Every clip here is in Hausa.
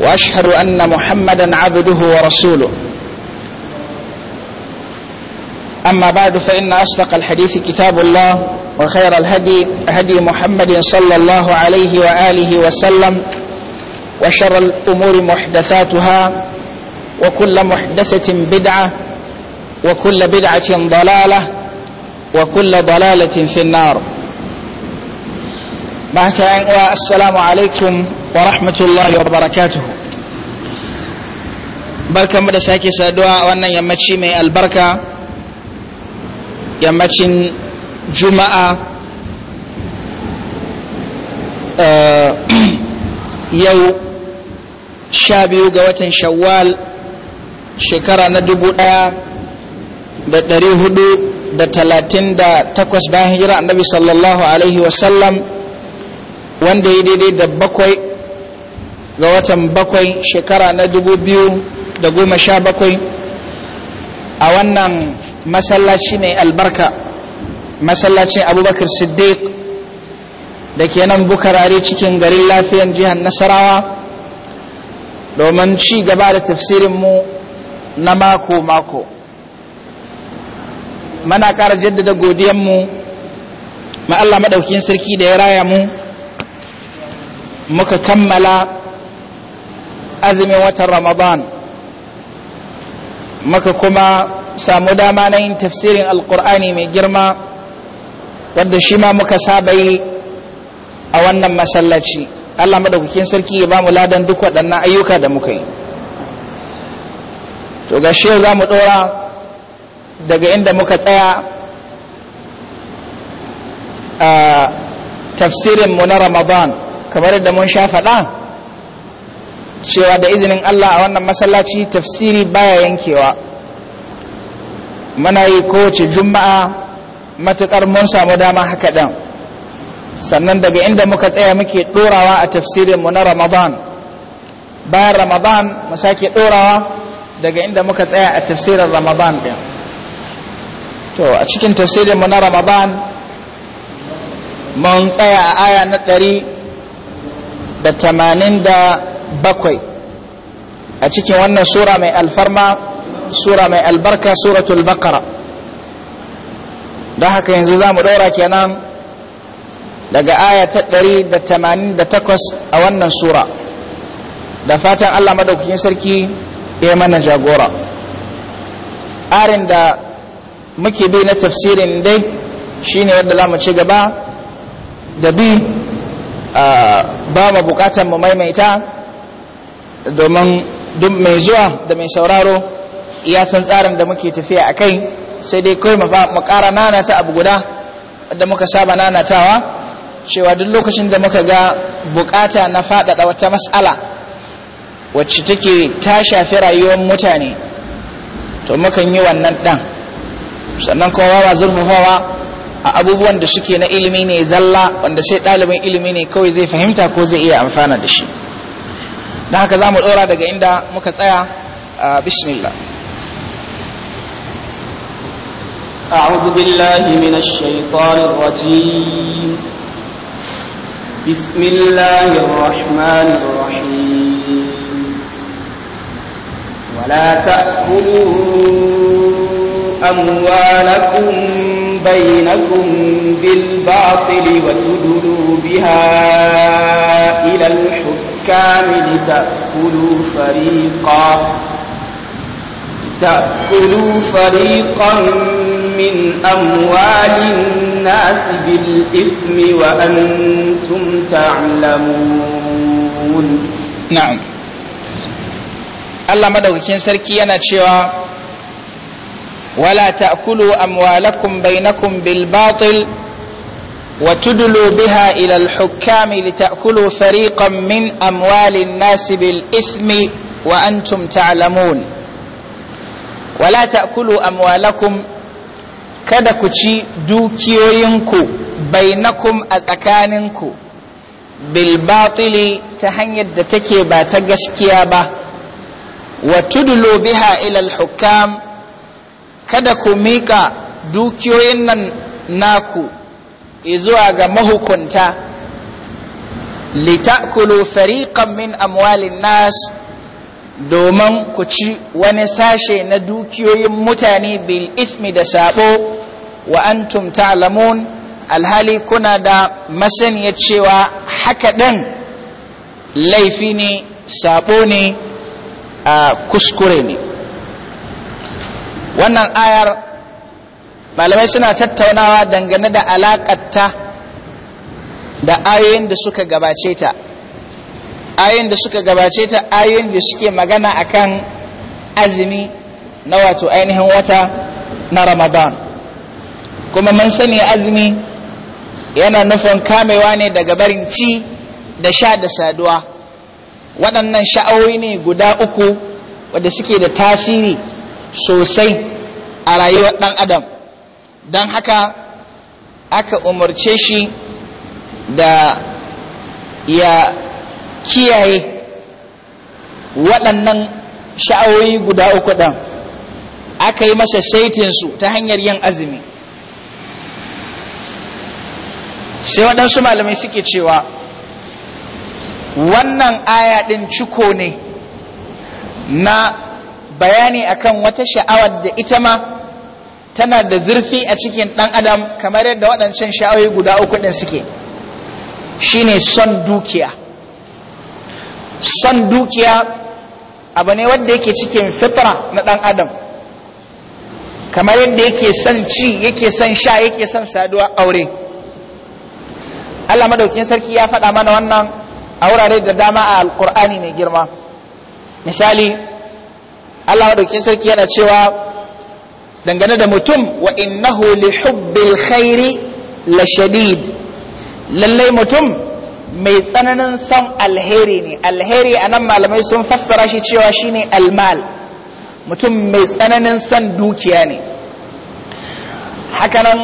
واشهد ان محمدا عبده ورسوله اما بعد فان اصدق الحديث كتاب الله وخير الهدي هدي محمد صلى الله عليه واله وسلم وشر الامور محدثاتها وكل محدثه بدعه وكل بدعه ضلاله وكل ضلاله في النار baka yan uwa assalamu alaikum wa rahmatullahi wa barakatuh da sake saduwa a wannan yammaci mai albarka yammacin juma'a eh, yau sha biyu ga watan shawwal shekara na dubu daya da dari hudu da talatin da takwas bayan hijira annabi sallallahu alaihi wasallam wanda ya daidai da bakwai ga watan bakwai shekara na dubu biyu da goma sha bakwai a wannan masallaci mai albarka masallacin abubakar siddiq da ke nan bukarare cikin garin lafiyan jihar nasarawa domin ci gaba da tafsirinmu na mako-mako mana ƙara jaddada godiyanmu ma Allah maɗaukin sarki da ya raya mu muka kammala azumin watan ramadan muka kuma samu dama na yin tafsirin alkur'ani mai girma wadda shi ma muka saba yi a wannan masallaci allah madaukakin sarki ya ba mu ladan duk waɗannan ayyuka da muka yi to ga shi za mu ɗora daga inda muka tsaya a tafsirinmu na ramadan kamar da mun sha faɗa cewa da izinin Allah a wannan masallaci tafsiri baya yankewa muna yi kowace juma'a matuƙar mun samu dama haka ɗan sannan daga inda muka tsaya muke ɗorawa a tafsirinmu na ramadan bayan ramadan mu sake ɗorawa daga inda muka tsaya a tafsirin ramadan ɗin to a cikin tafsirinmu na ramadan mun tsaya a aya na ɗari da tamanin da bakwai a cikin wannan sura mai alfarma sura mai albarka suratul baqara don haka yanzu za mu ɗaura kenan daga aya ta ɗari da tamanin da takwas a wannan sura da fatan allah madaukakin sarki ya mana jagora tsarin da muke bi na tafsirin dai shine yadda za mu ci gaba da bi ba mu bukatar mu maimaita domin duk mai zuwa da mai sauraro ya san tsarin da muke tafiya a kai sai dai kawai mu kara nanata abu guda da muka saba nanatawa cewa duk lokacin da muka ga bukata na faɗaɗa wata mas'ala wacce take ta shafi rayuwar mutane to mukan yi wannan dan sannan kowa ba zurfafawa a abubuwan da suke na ilimi ne zalla wanda sai ɗalibin ilimi ne kawai zai fahimta ko zai iya amfana da shi Da haka za mu ɗora daga inda muka tsaya a bismillah أعوذ بالله من الشيطان الرجيم بسم الله الرحمن الرحيم ولا تأكلوا بينكم بالباطل وتدلوا بها إلى الحكام لتأكلوا فريقا تأكلوا فريقا من أموال الناس بالإثم وأنتم تعلمون نعم الله مدوكين سركي أنا ولا تأكلوا أموالكم بينكم بالباطل وتدلوا بها إلى الحكام لتأكلوا فريقا من أموال الناس بالإثم وأنتم تعلمون ولا تأكلوا أموالكم kada ku ci dukiyoyinku bainakum a tsakaninku bilbatili ta hanyar da take ba ta gaskiya ba wa biha ilal hukam kada ku miƙa dukiyoyin nan naku zuwa ga mahukunta litakulu fariqan min amwalin nas domin ku ci wani sashe na dukiyoyin mutane bil ismi da sabo wa antum ta'lamun alhali kuna da masaniyar cewa haka din laifi ne sabo ne a kuskure ne wannan ayar malamai suna tattaunawa dangane da alakatta da ayoyin da suka gabace ta ayoyin da suka gabace ta ayoyin da suke magana akan azumi na wato ainihin wata na ramadan kuma mun sani azumi yana nufin kamewa ne daga barin ci da sha da saduwa waɗannan sha'awoyi ne guda uku wadda suke da tasiri sosai a rayuwar ɗan adam don haka aka umarce shi da ya kiyaye waɗannan sha'awoyi guda uku ɗan aka yi masa saitinsu ta hanyar yin azumi sai waɗansu malamai suke cewa wannan aya ɗin ciko ne na bayani akan wata sha'awar da ita ma tana da zurfi a cikin ɗan adam kamar yadda waɗancan sha'awai guda uku ɗin suke shine son dukiya son dukiya abu ne wanda yake cikin fitra na ɗan adam kamar yadda yake son ci yake son sha yake son saduwa aure Allah madaukin sarki ya faɗa mana wannan a wurare da dama a alkur'ani mai girma misali Allah ya sarki yana cewa dangane da mutum wa innahu li hubbil khairi la shadid lallai mutum mai tsananin son alheri ne alheri anan malamai sun fassara shi cewa shine almal mutum mai tsananin son dukiya ne hakanan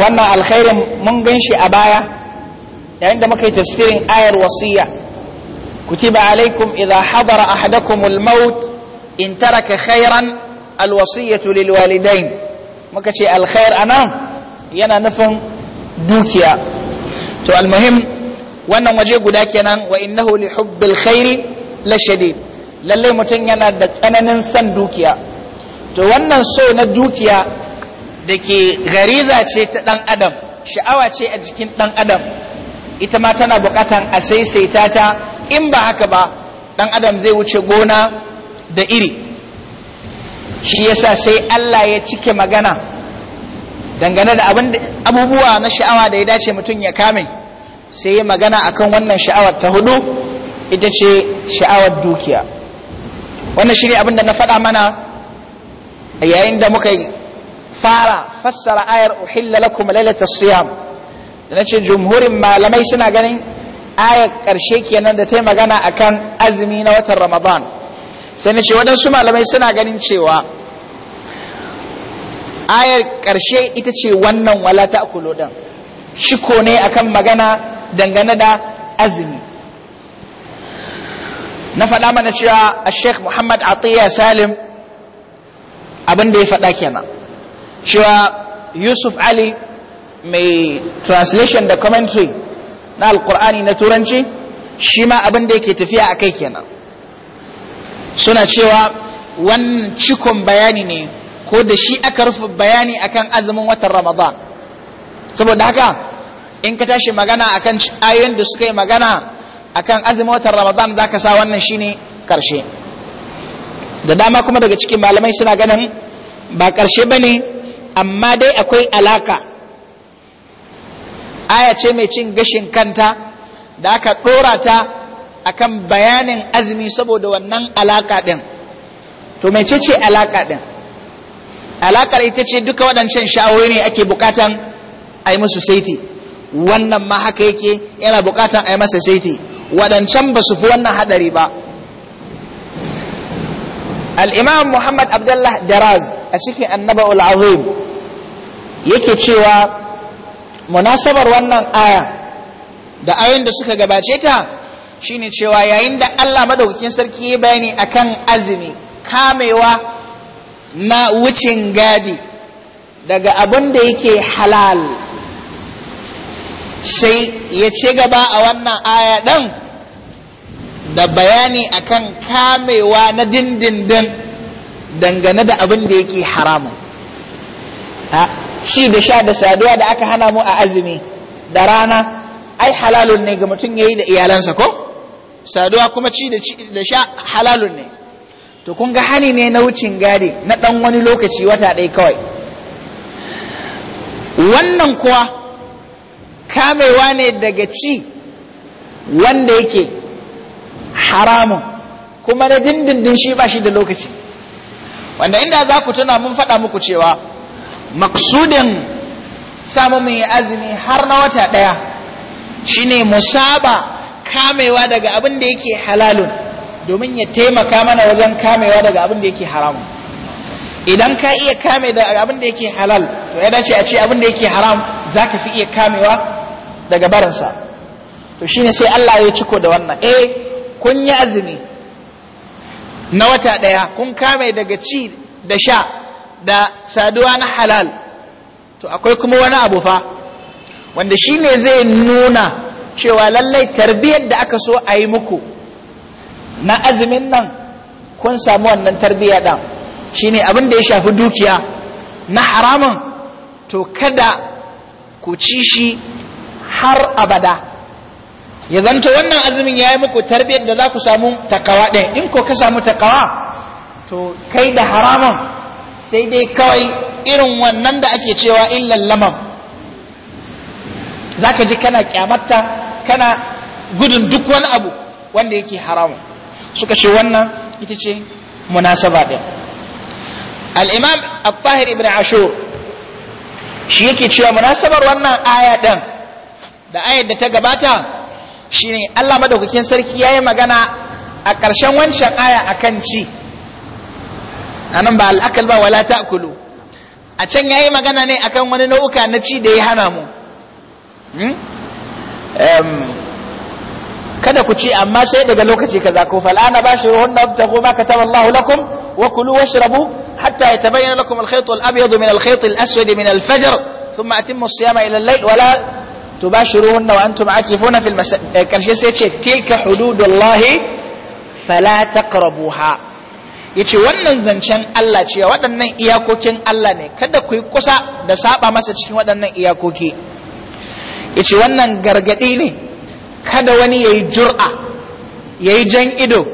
wannan alkhairin mun gan shi a baya yayin da muka yi tafsirin ayar wasiya كتب عليكم إذا حضر أحدكم الموت إن ترك خيرا الوصية للوالدين ce الخير أنا ينا نفهم دوكيا تو المهم wannan waje guda kenan wa innahu li hubbil khairi la shadid lalle mutum yana da tsananin san dukiya to wannan so na dukiya da ke gariza ce ta ɗan adam sha'awa ce a jikin ɗan adam ita ma tana bukatan a saisaita ta in ba haka ba dan adam zai wuce gona da iri shi yasa sai Allah ya cike magana dangane da abubuwa na sha'awa da ya dace mutum ya kame sai ya magana akan wannan sha'awar ta hudu ita ce sha'awar dukiya wannan shi ne da na faɗa mana yayin da muka fara fassara ayar uhilla lakum siyam na ce jumhurin malamai suna ganin ayar ƙarshe kenan da ta magana akan azumi na watan ramadan sai na ce waɗansu malamai suna ganin cewa ayar ƙarshe ita ce wannan wala ta akulo ɗin ko ne akan magana dangane da azumi na faɗa mana cewa a sheikh muhammad atiyya salim abin da ya faɗa kenan cewa yusuf ali mai translation da commentary na alkur'ani na turanci shi ma abin da yake tafiya a kai kenan suna cewa wannan cikon bayani ne ko da shi aka rufe bayani akan azumin watan ramadan saboda haka in ka tashi magana akan ayoyin da suka yi magana akan azumin watan ramadan za ka sa wannan shine karshe da dama kuma daga cikin malamai suna ganin ba karshe bane amma dai akwai alaka aya ce mai cin gashin kanta da aka ɗora ta akan bayanin azumi saboda wannan alaƙa ɗin to mai ce alaƙa ɗin alaƙar ita ce duka waɗancan sha'awai ne ake buƙatan a yi musu saiti wannan ma haka yake yana buƙatan a yi masa saiti waɗancan ba su fi wannan haɗari ba al'imam muhammad abdullah daraz a cikin annaba ul'azim yake cewa munasabar wannan aya da ayoyin da suka gabace ta shine cewa yayin da Allah madaukakin sarki ya bayani akan azumi kamewa na wucin gadi daga abin da yake halal sai ya ce gaba a wannan aya ɗin da bayani akan kamewa na dindindin dangane da abin da yake haramun ci da sha da saduwa da aka hana mu a azumi da rana ai halalun ne ga mutum yayi da iyalansa ko saduwa kuma ci da sha halalun ne to kun ga hani ne na wucin gadi na ɗan wani lokaci wata ɗaya kawai wannan kuwa kamewa ne daga ci wanda yake haramun kuma na dindindin shi ba shi da lokaci wanda inda za ku tuna mun faɗa muku cewa maksudin samu mai azumi har na wata ɗaya shine musaba kamewa daga abin da yake halalun domin ya taimaka mana wajen kamewa daga abin da yake haramun idan ka iya kame daga abin da yake halal to ya dace a ce abin da yake haram za ka fi iya kamewa daga barinsa to shine sai Allah ya ciko da wannan eh kun yi azumi na wata ɗaya kun kame daga ci da sha da saduwa na halal to akwai kuma wani abu fa wanda shi ne zai nuna cewa lallai tarbiyyar da aka so a yi muku na azumin nan kun samu wannan tarbiyya ɗan shi ne abin da ya shafi dukiya na haramun to kada ku ci shi har abada ya zanto wannan azumin ya yi muku tarbiyyar da za ku samu takawa ɗin in ko ka samu takawa to kai da haramun sai dai kawai irin wannan da ake cewa illan lamam za ka ji kana kyamatta kana gudun duk wani abu wanda yake haramu suka ce wannan ita ce munasaba ɗin al'imam al-tahir ibn ashur shi yake cewa munasabar wannan aya ɗin da ayar da ta gabata shine Allah madaukakin sarki ya yi magana a ƙarshen wancan aya akan ci anan ba al'akal ba wala kulu a can yayi magana ne akan wani nau'uka na ci da ya hana mu hmm? kada ku ci amma sai daga lokaci kaza ko fal'ana bashiruhun nabtagu ma allah lakum wa kulu washrabu hatta ya lakum al-khayt al-abyad min al-khayt al-aswad min al-fajr thumma atimmu as-siyama ila al-layl wa la wa antum akifuna fil masajid eh, karshe sai ce tilka hududullahi fala taqrabuha yace wannan zancen Allah ce waɗannan iyakokin Allah ne kada ku yi kusa da saba masa cikin waɗannan iyakoki yace wannan gargadi ne kada wani ya yi jur'a yayi jan ido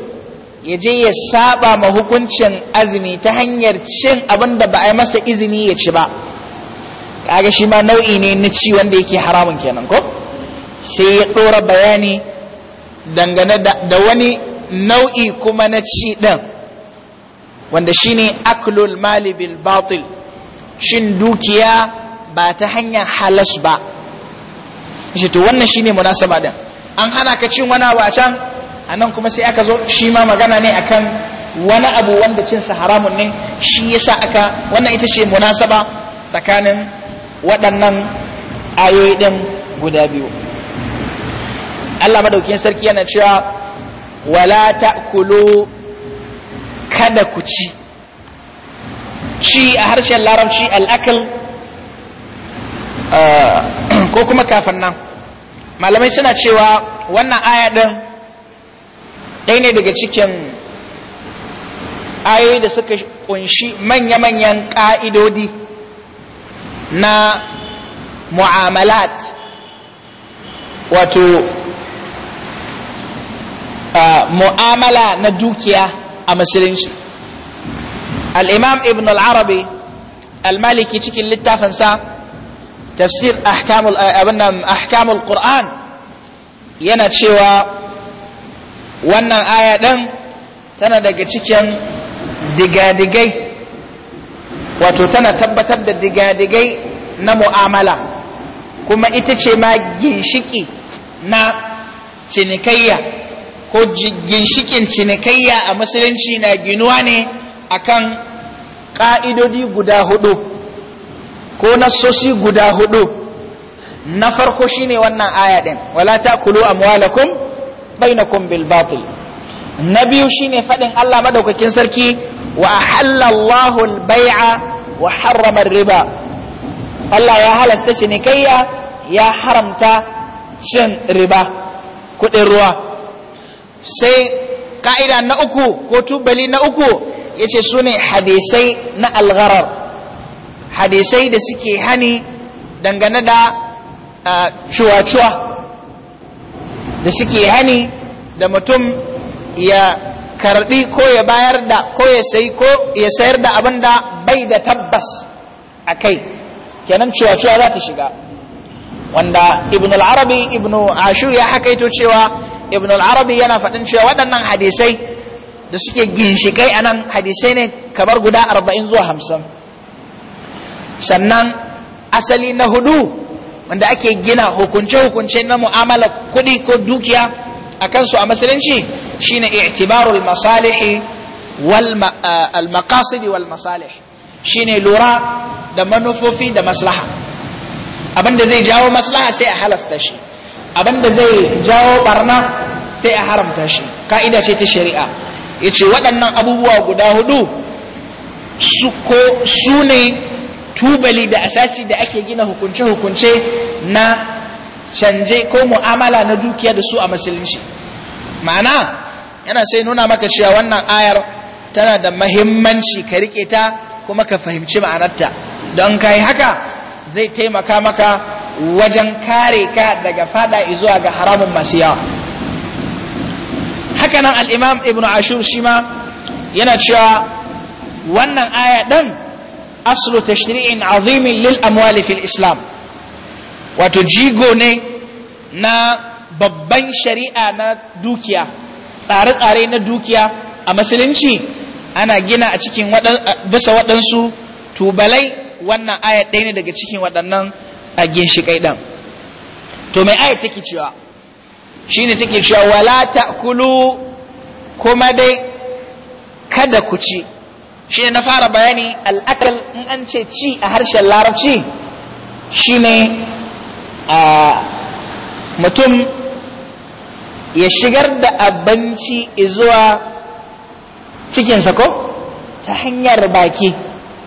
ya je ya saba ma hukuncin azumi ta hanyar cin abin da ba a yi masa izini ya ci ba kaga shi ma nau'i ne na ci wanda yake haramun kenan ko sai ya dora bayani dangane da wani nau'i kuma na ci ɗin wanda shine aklul mali bil batil shin dukiya ba ta hanyar halas ba shi to wannan shine munasaba din an hana ka cin wani abu a can anan kuma sai aka zo shi ma magana ne akan wani abu wanda cinsa haramun ne shi yasa aka wannan ita ce munasaba tsakanin waɗannan ayoyi din guda biyu Allah madaukin sarki yana cewa wala ta'kulu kada ku ci ci a harshen larabci al'akal eh, ko kuma kafin nan malamai suna cewa wannan aya ɗin ɗaya ne daga cikin ayoyi da suka kunshi manya-manyan ƙa'idodi na mu'amalat wato eh, mu'amala na dukiya a musulunci al-imam ibn al al-maliki cikin littafinsa tafsir ahkamul ƙur'an eh, qur'an yana cewa wannan aya ɗin tana daga cikin digadigai wato tana tabbatar da digadigai na mu'amala kuma ita ce ma ginshiki na cinikayya ko ginshikin cinikayya a musulunci na ginuwa ne akan ƙa'idodi guda hudu ko nasosi guda hudu na farko shine wannan aya din wala ta'kulu amwalakum bainakum bil batil na biyu shine fadin Allah madaukakin sarki wa halallahu al bai'a wa harrama riba Allah ya halasta cinikayya ya haramta cin riba kuɗin ruwa sai ka'ida na uku ko tubali na uku yace sune hadisai na algharar hadisai da suke hani dangane da cuwa-cuwa da suke hani da mutum ya karbi ko ya bayar da ko ya sai ko ya sayar da abin da bai da tabbas a kai kenan cuwa-cuwa za ta shiga wanda ibn al-arabi ibn ashur ya hakaito cewa ibn al-arabi yana faɗin cewa waɗannan hadisai da suke ginshikai a nan hadisai ne kamar guda arba'in zuwa hamsin sannan asali na hudu wanda ake gina hukunce-hukunce na mu'amala kuɗi ko dukiya a kansu a musulunci shine i'tibarul masalihi wal maqasidi wal masalih shine lura da manufofi da maslaha abinda zai jawo maslaha sai a halasta shi abinda zai jawo barna sai a haramta shi ka'ida ce ta shari'a yace waɗannan abubuwa guda hudu su ko su ne tubali da asasi da ake gina hukunce-hukunce na canje ko mu'amala na dukiya da su a musulunci ma'ana yana sai nuna maka cewa wannan ayar tana da mahimmanci ka rike ta kuma ka fahimci ma'anarta don kai haka zai taimaka maka wajen kare ka daga fada zuwa ga haramun masu yawa haka nan al'imam ibn ashur shi ma yana cewa wannan aya ɗan aslu tashri'in azimin lil amwali fil islam wato jigo ne na babban shari'a na dukiya tsare-tsare na dukiya a musulunci ana gina a cikin bisa waɗansu tubalai wannan aya ɗaya ne daga cikin waɗannan a ginshiƙai ɗan to mai ayat take cewa shi ne take cewa wala ta'kulu kuma dai kada ku ci shi ne na fara bayani al'akal in an ce ci a harshen larabci shi ne a mutum ya shigar da abinci zuwa cikinsa ko ta hanyar baki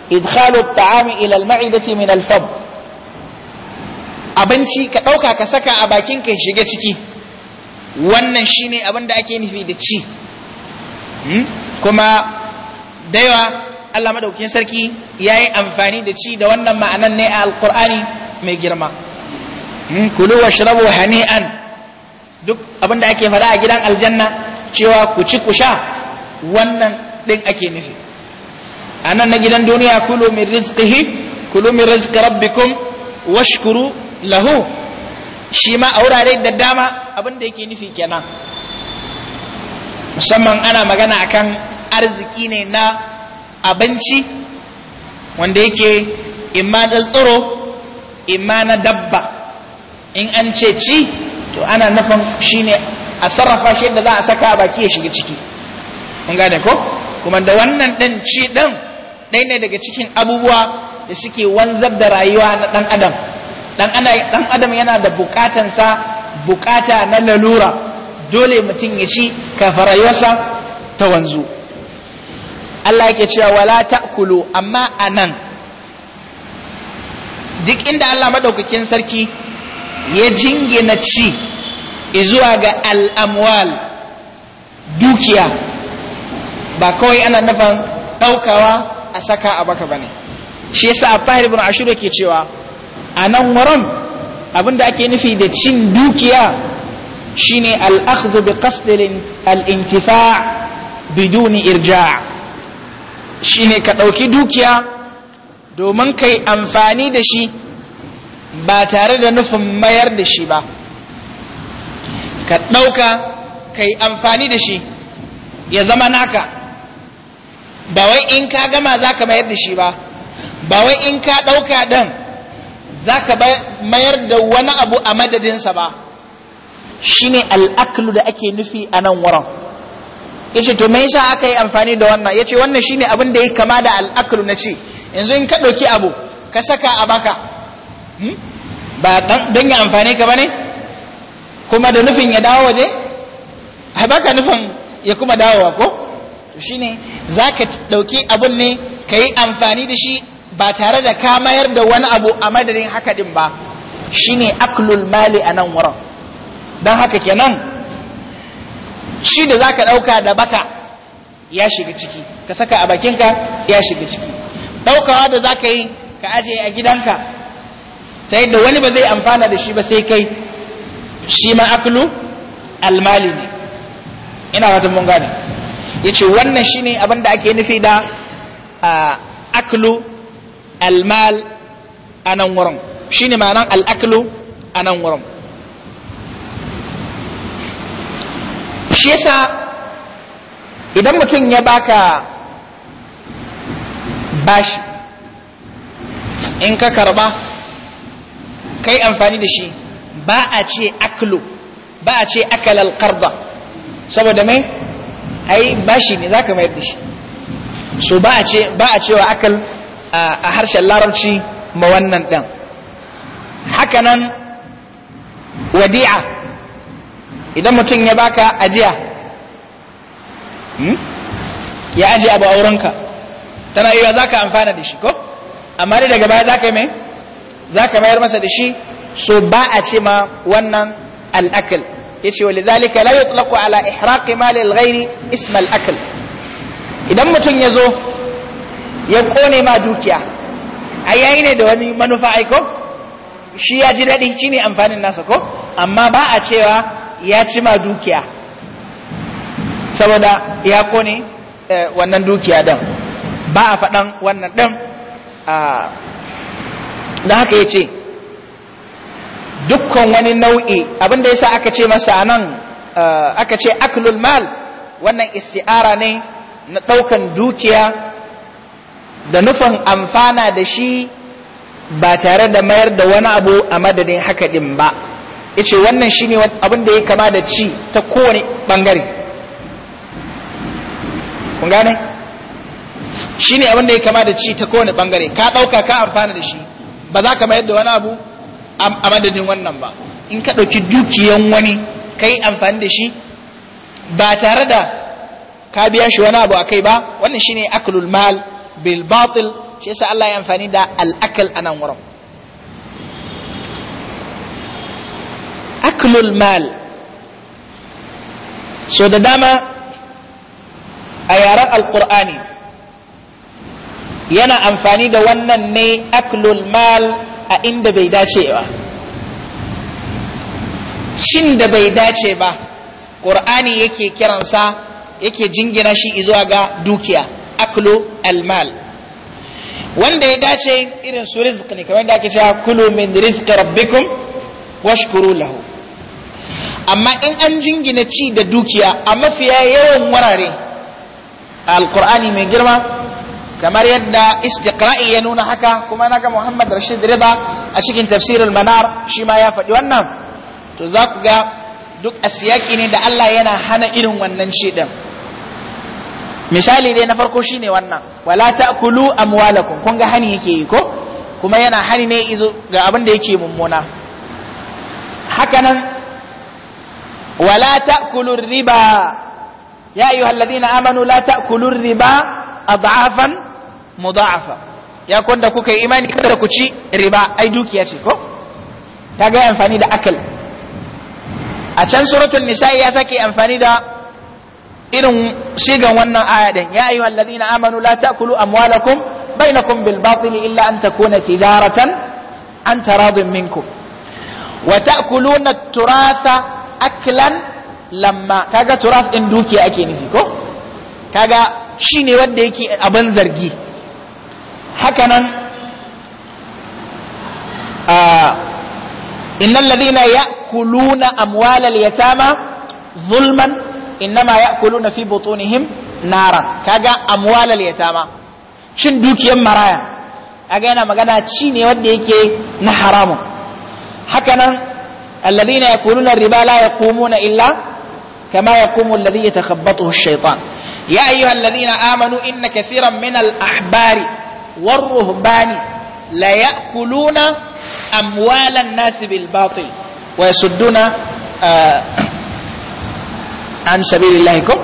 idkhalu ta'ami ila al-ma'idati min al abinci ka ɗauka ka saka a bakin ka shiga ciki wannan shine abin da ake nufi da ci hmm? kuma da yawa Allah madaukakin sarki ya yi amfani da ci da wannan ma'anan ne a alkur'ani mai girma hmm? kulu wa shirabu hani'an duk abin da ake faɗa a gidan aljanna cewa ku ci ku sha wannan ɗin ake nufi a nan na gidan duniya kulu min rizqihi kulu min rizqi rabbikum washkuru lahu shi ma a wurare da dama abinda yake nufi kenan musamman ana magana akan arziki ne na abinci wanda yake imma da tsoro imma na dabba in an ce ci to ana nufin ne a sarrafa shi yadda za a saka baki ya shiga ciki kun gane ko kuma da wannan dan ci ɗan ɗaya ne daga cikin abubuwa da suke wanzar da rayuwa na ɗan adam dan dan adam yana da sa bukata na lalura dole mutum ya ci kafarayarsa ta wanzu Allah yake cewa wala ta'kulu amma anan duk inda Allah madaukakin sarki ya jingina ci zuwa ga al'amwal dukiya ba kawai ana nufin ɗaukawa a saka a baka ba ne shi yasa a fahir bin ashiru ke cewa a nan wurin da ake nufi da cin dukiya shine al-akhdhu bi qasdin al-intifa' biduni irja' shine ka dauki dukiya domin kai amfani da shi ba tare da nufin mayar da shi ba ka dauka kai amfani da shi ya zama naka ba wai in ka gama zaka mayar da shi ba ba wai in ka dauka ɗan. za ka mayar da wani abu a madadinsa ba shi ne al'aklu da ake nufi a nan wurin ya ce to me yasa aka yi amfani da wannan ya ce wannan shi ne abin da ya kama da al'aklu na ce yanzu in ka ɗauki abu ka saka a baka hmm? ba don ya amfani ka ba ne kuma da nufin ya dawo waje a baka nufin ya kuma wa ko to ne za ka ɗauki abun ne ka yi amfani da shi ba tare da ka mayar da wani abu a madadin haka din ba shine aklul mali a nan wurin don haka kenan shi da zaka ɗauka da baka ya shiga ciki ka saka a bakinka ya shiga ciki ɗaukawa da zaka yi ka aje a gidanka ta yadda wani ba zai amfana da shi ba sai kai shi ma aklu almali ne ina watan mun gane ya ce wannan shine abin da ake nufi da aklu almal a nan wurin shi ne ma'anan al'aklu a nan wurin shi yasa idan mutum ya baka bashi in ka karba kai amfani da shi ba a ce aklu ba a ce akalal karba saboda mai ai bashi ne za ka mayar da shi so ba a cewa akal a harshen larabci ma wannan ɗan hakanan wadi'a idan mutum ya baka ajiya hmm? ya ajiye abu a wurinka tana iya za ka amfana da shi ko amma dai daga baya za ka mai za ka mayar masa da shi so ba a ce ma wannan al'akal ya ce wali zalika la yutlaqu ala ihraqi mali al-ghairi isma al-akal idan mutum ya zo ya kone ma dukiya a yayi ne da wani manufa aiko shi ya ji daɗin shi ne amfanin nasa ko amma ba a cewa ya ci ma dukiya saboda ya kone eh, wannan dukiya ɗin ba a faɗan wannan ɗin da haka ya ce dukkan wani nau'i abinda sa aka ce masa nan eh, aka ce aklul mal wannan isti'ara ne na ɗaukan dukiya da nufin amfana da shi ba tare da mayar da wani abu a madadin haka din ba yace wannan shine abin da ya kama da ci ta kowane bangare kun gane shine abin da ya kama da ci ta kowane bangare ka dauka ka amfana da shi ba za ka mayar da wani abu a madadin wannan ba in ka dauki dukiyan wani kai amfani da shi ba tare da ka biya shi wani abu akai ba wannan shine aklul mal bil batil shi yasa Allah ya amfani da al'akal a nan wurin aklul mal so da dama a yaren alkur'ani yana amfani da wannan ne aklul mal a inda bai dace ba shin da bai dace ba ƙur'ani yake kiransa yake jingina shi zuwa ga dukiya aklu almal wanda ya dace irin su rizq ne kamar da ake cewa kulu min rizqi rabbikum washkuru lahu amma in an jingina ci da dukiya a mafiya yawan wurare alqur'ani mai girma kamar yadda istiqra'i ya nuna haka kuma naga Muhammad Rashid Rida a cikin tafsirul manar shi ma ya faɗi wannan to za ku ga duk asiyaki ne da Allah yana hana irin wannan shi din misali dai na farko shine wannan wala ta'kulu amwalakum kun ga hani yake yi ko kuma yana hani ne izo ga abin da yake mummuna hakanan wala ta'kulu riba ya ayyuha alladhina amanu la ta'kulu riba adhafan mudha'afa ya kwanda kuka yi imani kada ku ci riba ai dukiya ce ko ta ga amfani da akal a can suratul nisa ya sake amfani da irin shigan wannan aya din ya ayyuhal ladina amanu la ta'kulu amwalakum bainakum bil batil illa an takuna tijaratan an taradin minkum wa ta'kuluna turata aklan lamma kaga turas din dukiya ake nufi ko kaga shine wanda yake abin zargi haka nan innal ladina ya'kuluna amwalal yatama zulman innama ya'kuluna fi butunihim nara kaga amwalal yatama shin dukiyar maraya kaga yana magana ci ne wanda yake na haramu hakanan nan alladhina yakuluna riba la yaqumuna illa kama yaqumu alladhi yatakhabbathu ash-shaytan ya ayyuhalladhina amanu inna kaseeran minal ahbari war-ruhbani la ya'kuluna amwalan nasi bil batil wa yasudduna uh, an sabilillahi ko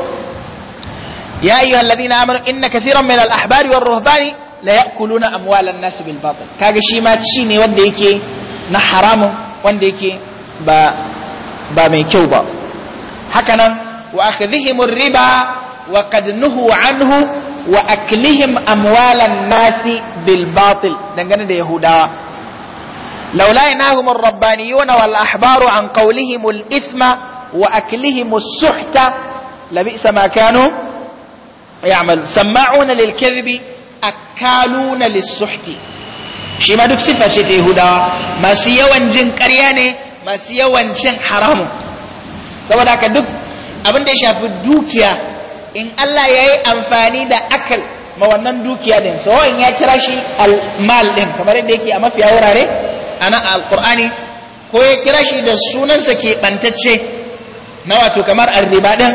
ya ayyuhal ladina amanu inna kaseeran min al-ahbari war ruhbani la ya'kuluna amwalan nas kaga shi ma ci ne wanda yake na haramun wanda yake ba ba mai kyau ba hakanan wa akhdhihim riba wa qad nuhu anhu wa aklihim amwalan nas bil batil dangane da yahudawa laula yanahum ar-rabbaniyuna wal ahbaru an qawlihim al wa aklihim as-suhta labisa kanu ya'malu sama'una lil kadhibi akaluna lis shi ma duk sifa ce ta hudawa. masu yawan jin ƙarya ne masu yawan cin haramun. saboda haka duk abin da ya shafi dukiya in Allah ya yi amfani da akal ma wannan dukiya din so in ya kira shi al-mal din kamar yadda yake a mafiya wurare ana al-qur'ani ko ya kira shi da sunansa ke bantacce na wato kamar arriba din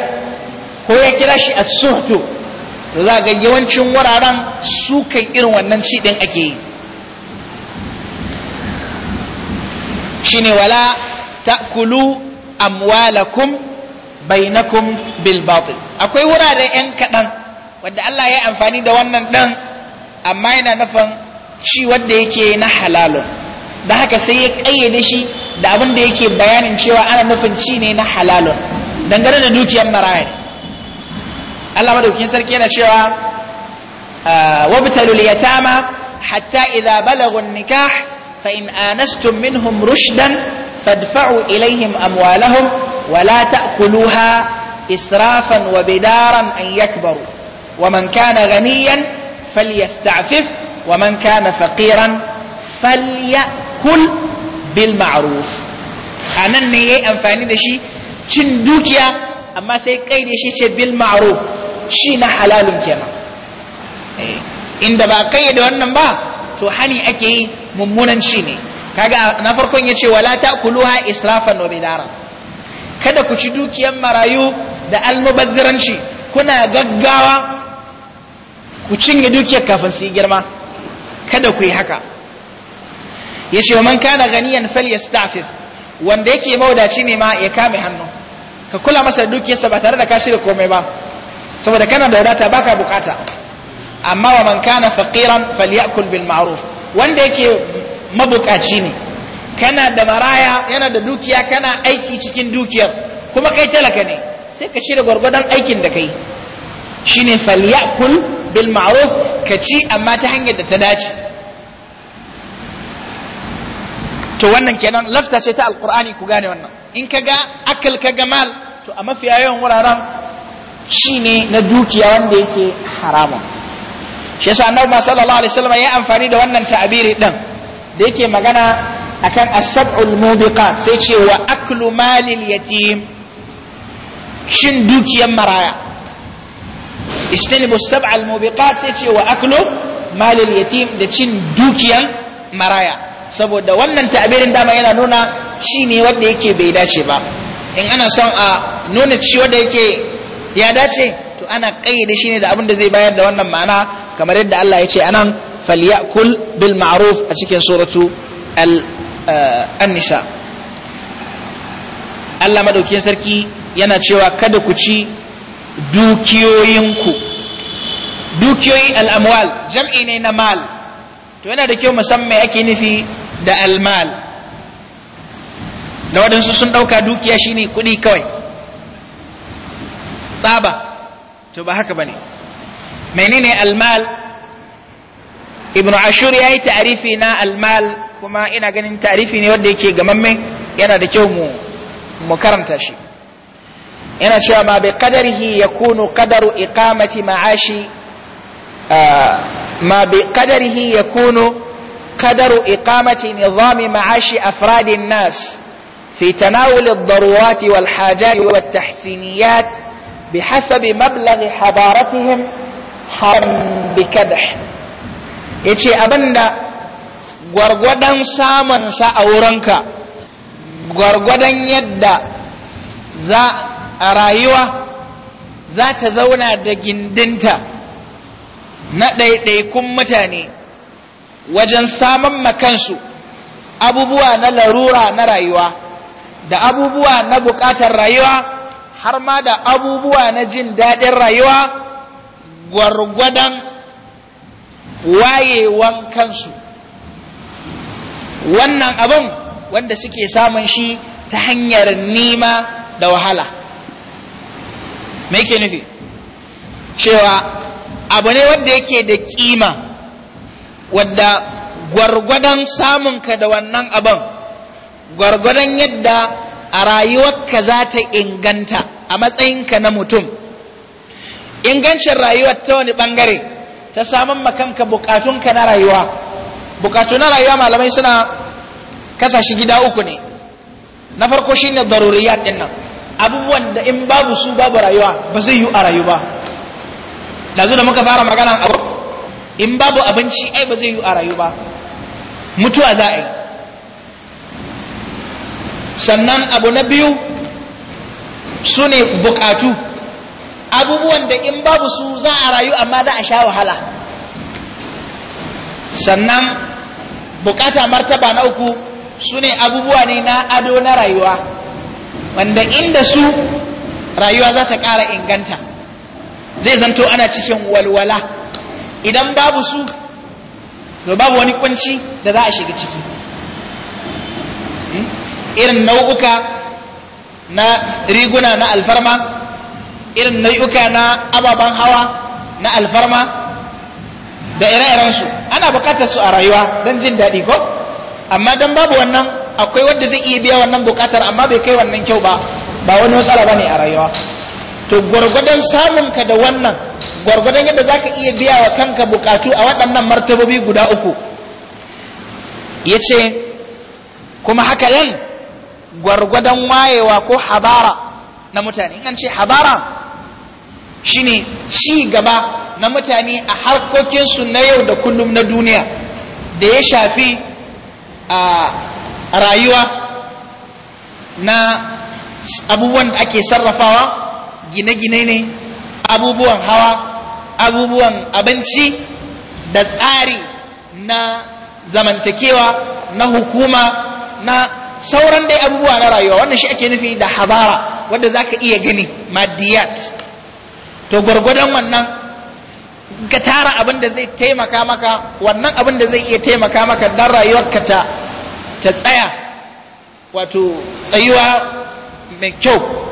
ko ya kira shi as-suhtu to za ga yawancin wuraren su kan irin wannan ci din ake yi shine wala ta'kulu amwalakum bainakum bil batil akwai wurare yan kaɗan wanda Allah ya yi amfani da wannan ɗan amma yana nufin shi wanda yake na halalun da haka sai ya kayyade shi da abin da yake bayanin cewa ana nufin ci ne na halalun dangane da dukiyar maraya Allah madaukakin sarki yana cewa wa wabtalul liyatama hatta idza balagu nikah fa in anastum minhum rushdan fadfa'u ilaihim amwalahum wa la ta'kuluha israfan wa bidaran an yakbaru wa man kana ghaniyan falyasta'fif wa man kana faqiran falya kul bil ma'ruf anan ne yayi amfani da shi cin dukiya amma sai kai da shi ce bil ma'ruf shi na halalin kenan eh, inda ba kai da wannan ba to hani ake yi mummunan shi ne kaga na farkon yace wala ta'kuluha israfan wa bidara kada ku ci dukiyar marayu da almubazziranci kuna gaggawa ku cinye dukiyar kafin su yi girma kada ku yi haka ya ce man kana ganiyan fal wanda yake maudaci ne ma ya kame hannu ka kula masa da dukiyarsa ba tare da ka shirya komai ba saboda kana da wadata baka bukata amma wa man kana faqiran falyakul bil ma'ruf wanda yake mabukaci ne kana da maraya yana da dukiya kana aiki cikin dukiyar kuma kai talaka ne sai ka shirya gwargwadon aikin da kai shine falyakul bil ma'ruf ka ci amma ta hanyar da ta dace to wannan kenan lafta ce ta alqur'ani ku gane wannan in ka ga akal kaga mal to a mafiya yawan wuraren shine na dukiya wanda yake haramun shi yasa annabi sallallahu alaihi wasallam ya amfani da wannan ta'abiri din da yake magana akan as-sab'ul sai ce wa aklu malil yatim shin dukiyar maraya istanibu sabal mubiqat sai ce wa aklu malil yatim da cin dukiyar maraya saboda wannan ta'abirin dama yana nuna shi ne wanda yake bai dace ba in ana son a nuna shi wanda yake ya dace to ana kayyade shi ne da abin da zai bayar da wannan ma'ana kamar yadda Allah ya ce anan falyakul bil ma'ruf a cikin suratu al eh, annisa Allah madaukin sarki yana cewa kada ku ci dukiyoyinku dukiyoyi al'amwal jam'i ne na mal to yana da kyau musamman ake nufi da almal da wadansu sun ɗauka dukiya shine kuɗi kawai tsaba to ba haka ba menene almal ibn ashur ya yi ta'arifi na almal kuma ina ganin ta'arifi ne wanda yake gamamme yana da kyau mu mu karanta shi yana cewa ma bi qadarihi yakunu qadaru iqamati ma'ashi ما بقدره يكون قدر إقامة نظام معاش أفراد الناس في تناول الضرورات والحاجات والتحسينيات بحسب مبلغ حضارتهم حرم بكدح yace abinda gwargwadon samunsa a wurinka gwargwadon yadda za a rayuwa za ta zauna da gindinta na ɗaiɗaikun mutane wajen saman makansu abubuwa na larura na rayuwa da abubuwa na buƙatar rayuwa har ma da abubuwa na jin daɗin rayuwa gwargwadon wayewan kansu wannan abin wanda suke samun shi ta hanyar nima da wahala me ke nufi cewa abu ne wanda yake da kima wadda gwargwadon samunka da wannan abin gwargwadon yadda a rayuwarka za ta inganta a matsayinka na mutum ingancin rayuwar ta wani bangare ta samun makanka bukatunka na rayuwa bukatu na rayuwa malamai suna kasa gida uku ne na farko shine daruriyat din dinnan abubuwan da in babu su babu rayuwa ba zai yi a rayuwa ɗazu da muka fara magana abu in babu abinci ai ba zai yi a rayu ba mutuwa za a yi sannan abu na biyu su ne bukatu abubuwan da in babu su za a rayu amma da a sha wahala sannan bukata martaba na uku su ne abubuwa ne na ado na rayuwa wanda inda su rayuwa za ta ƙara inganta zai zanto ana cikin walwala idan babu su to babu wani kunci da za a shiga ciki hmm? irin nau'uka na riguna na alfarma irin nau'uka na ababen hawa na alfarma da ire-irensu ana bukatar su a rayuwa don jin daɗi ko amma don babu wannan akwai wadda zai iya biya wannan bukatar amma bai kai wannan kyau ba ba wani matsala ba ne a rayuwa to gwargwadon samunka da wannan gwargwadon yadda za ka iya biya wa kanka bukatu a waɗannan martabobi guda uku ya ce kuma haka yan gwargwadon wayewa ko habara na mutane in an ce habara shine ci gaba na mutane a harkokinsu na yau da kullum na duniya da ya shafi a rayuwa na abubuwan da ake sarrafawa gine-gine ne abubuwan hawa abubuwan abinci da tsari na zamantakewa na hukuma na sauran dai abubuwa na rayuwa wannan shi ake nufi da habara wanda za ka iya gani madiyat to gwargwadon wannan ka tara abin da zai taimaka maka wannan abin da zai iya taimaka maka don rayuwarka ta tsaya wato tsayuwa mai kyau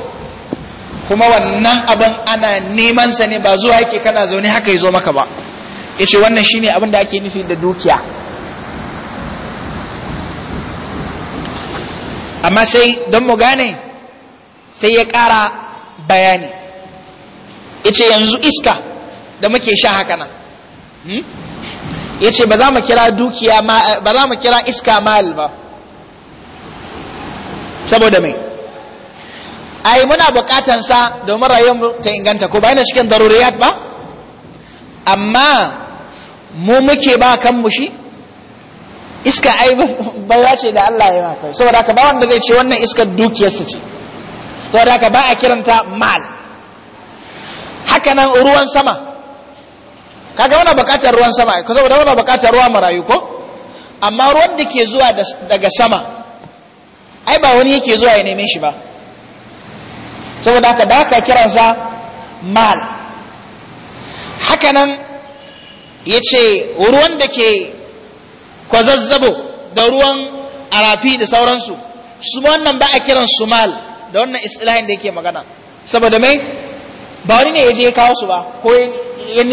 kuma wannan abin ana neman sa ne ba zuwa yake kana zaune haka ya zo maka ba yace wannan shine abin da ake nufi da dukiya amma sai don mu gane sai ya kara bayani yace yanzu iska da muke sha haka nan hmm? yace ba za mu kira dukiya ba za mu kira iska mal ba saboda mai ai muna bukatan sa domin rayuwar ta inganta ko ba yana cikin daruriyat ba amma mu muke ba kanmu shi iska ai baiwa ce da Allah ya mata saboda haka ba wanda zai ce wannan iskar dukiyarsa ce saboda ka ba a kiranta mal haka nan ruwan sama kaga muna bukatar ruwan sama ko saboda muna bukatar ruwa marayu ko amma ruwan da ke zuwa daga sama ai ba wani yake zuwa ya neme shi ba saboda haka da aka kiransa mal hakanan ya ce ruwan da ke kwazazzabo da ruwan arafi da sauransu su wannan ba a kiran su mal da wannan istilahin da yake magana saboda mai ba wani ne ya je kawo su ba ko ya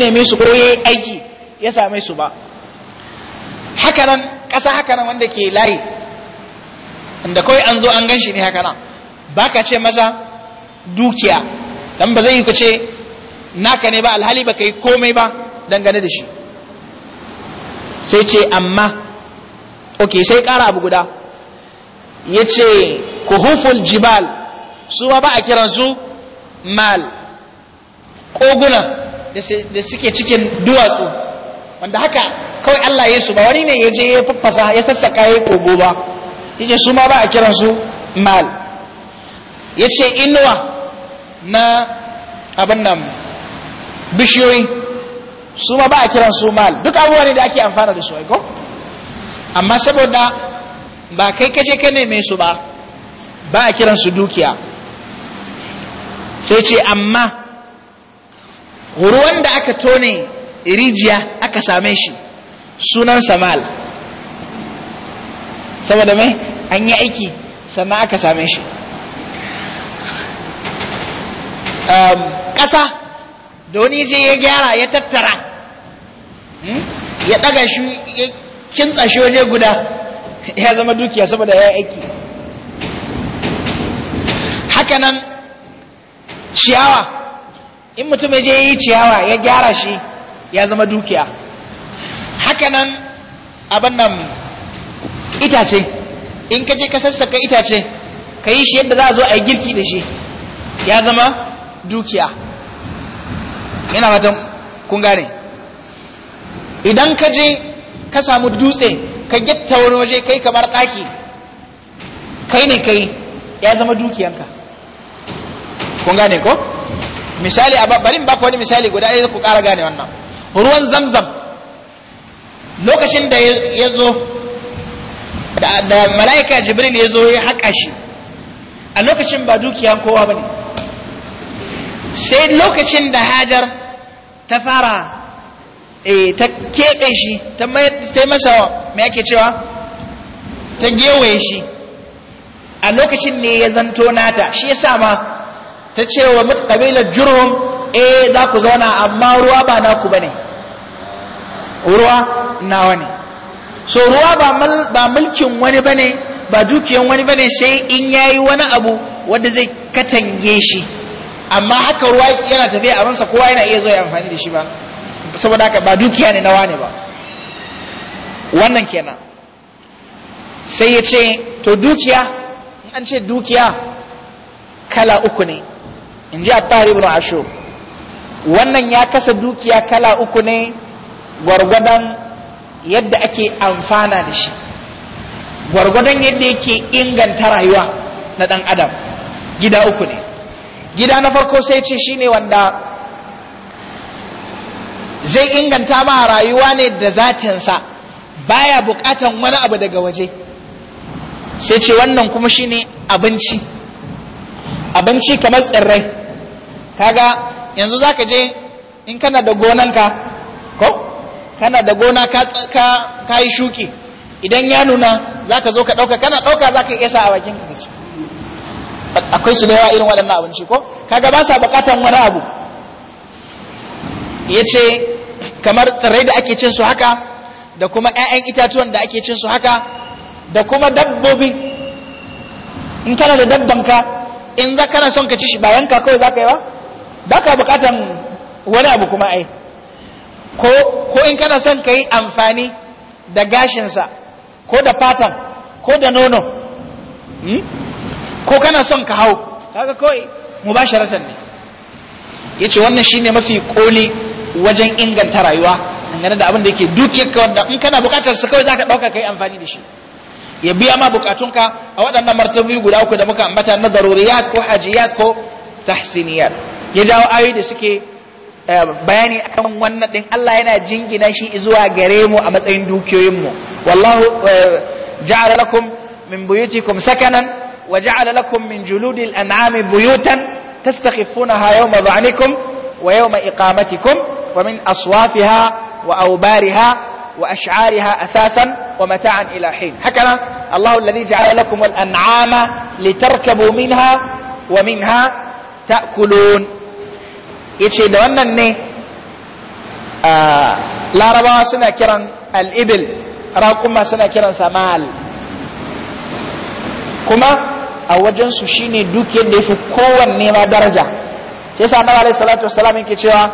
neme su ko ya aiki ya same su ba hakanan ƙasa hakanan wanda ke layi inda kawai an zo an gan shi ne hakanan baka ce masa dukiya dan ba zai yi ka ce naka ne ba alhali baka yi komai ba dangane da shi sai ce amma ok sai kara abu guda ya ce kuhuful jibal su ba a kiransu mal koguna da suke cikin duwatsu wanda haka kawai Allah ya su ba wani ne ya je ya faffasa ya sassaka ya kogo ba ya ce su ma ba a kiransu mal ya ce inuwa na abin nan bishiyoyi su ma ba a kiran su mal duk abubuwa ne da ake amfana da su aiko amma saboda ba kai kaje ka neme su ba ba a kiran su dukiya sai ce amma ruwan da aka tone rijiya aka same shi sunan samal saboda mai an yi aiki sannan aka same shi Ehm, ƙasa da wani je ya gyara ya tattara hmm? ya ɗaga shi ya kintsa shi waje guda ya zama dukiya saboda ya aiki hakanan ciyawa in mutum ya je yi ciyawa ya gyara shi ya zama dukiya hakanan abin nan itace in ka je ka sassaka itace ka yi shi yadda za a zo a yi girki da shi ya zama dukiya ina fatan kun gane idan ka je ka samu dutse ka gitta wani waje kai kamar daki kai ne kai ya zama dukiyanka kun gane ko misali a bari ba wani misali guda ɗaya ku ƙara gane wannan ruwan zamzam lokacin da ya zo da mala'ika jibril ya zo ya haƙa shi a lokacin ba dukiyan kowa ba ne sai lokacin da hajar ta fara eh, ta keɓe shi ta masa mai ake cewa ta gewe shi a lokacin ne ya zanto nata shi ya sama ta ce wa kabilar jurum eh za ku zauna amma ruwa ba naku ba ne ruwa nawa ne so ruwa ba mulkin wani ba ne ba dukiyan wani ba ne sai in yayi wani abu wanda zai katange shi amma haka ruwa yana tafiya a ransa kowa yana iya zo ya amfani da shi ba saboda haka ba dukiya ne na wane ba wannan kenan sai ya ce to dukiya in an ce dukiya kala uku ne in ji attahar ibn asho wannan ya kasa dukiya kala uku ne gwargwadon yadda ake amfana da shi gwargwadon yadda yake inganta rayuwa na dan adam gida uku ne gida na farko sai ce shine wanda zai inganta ma rayuwa ne da zatinsa baya bukatan wani abu daga waje sai ce wannan kuma shine abinci abinci kamar tsirrai kaga yanzu zaka je in kana da gonanka ko kana da gona ka yi shuki idan ya nuna zaka zo ka dauka kana dauka zaka iya sa a bakin ka ci akwai su da yawa irin waɗannan abinci ko kaga ba sa bukatan wani abu ya ce kamar tsirrai da ake cin su haka da kuma ƴaƴan itatuwan da ake cin su haka da kuma dabbobi in kana da dabbanka in za kana son ka ci shi bayan ka kawai za ka yi ba ba ka bukatan wani abu kuma ai ko in kana son ka yi amfani da gashinsa ko da fatan ko da nono hmm? ko kana son ka hau kaga kawai mubasharatan ne yace wannan shine mafi koli wajen inganta rayuwa dangane da abin da yake wanda in kana bukatar su kawai zaka dauka kai amfani da shi ya biya ma bukatunka a waɗannan martabi guda uku da muka ambata na daruriyat ko hajiyat ko tahsiniyat ya jawo ayoyi da suke eh, bayani akan wannan din Allah yana jingina shi zuwa gare mu a matsayin dukiyoyin mu wallahu eh, ja'ala lakum min buyutikum sakanan وجعل لكم من جلود الأنعام بيوتا تستخفونها يوم ظعنكم ويوم إقامتكم ومن أصوافها وأوبارها وأشعارها أثاثا ومتاعا إلى حين هكذا الله الذي جعل لكم الأنعام لتركبوا منها ومنها تأكلون يتشي دوانا آه، لا ربا سنة كرا الإبل راكما سنة كرا سمال كما a wajensu shine dukiyar da fi kowanne ma daraja sai sa annabi alaihi salatu wassalam yake cewa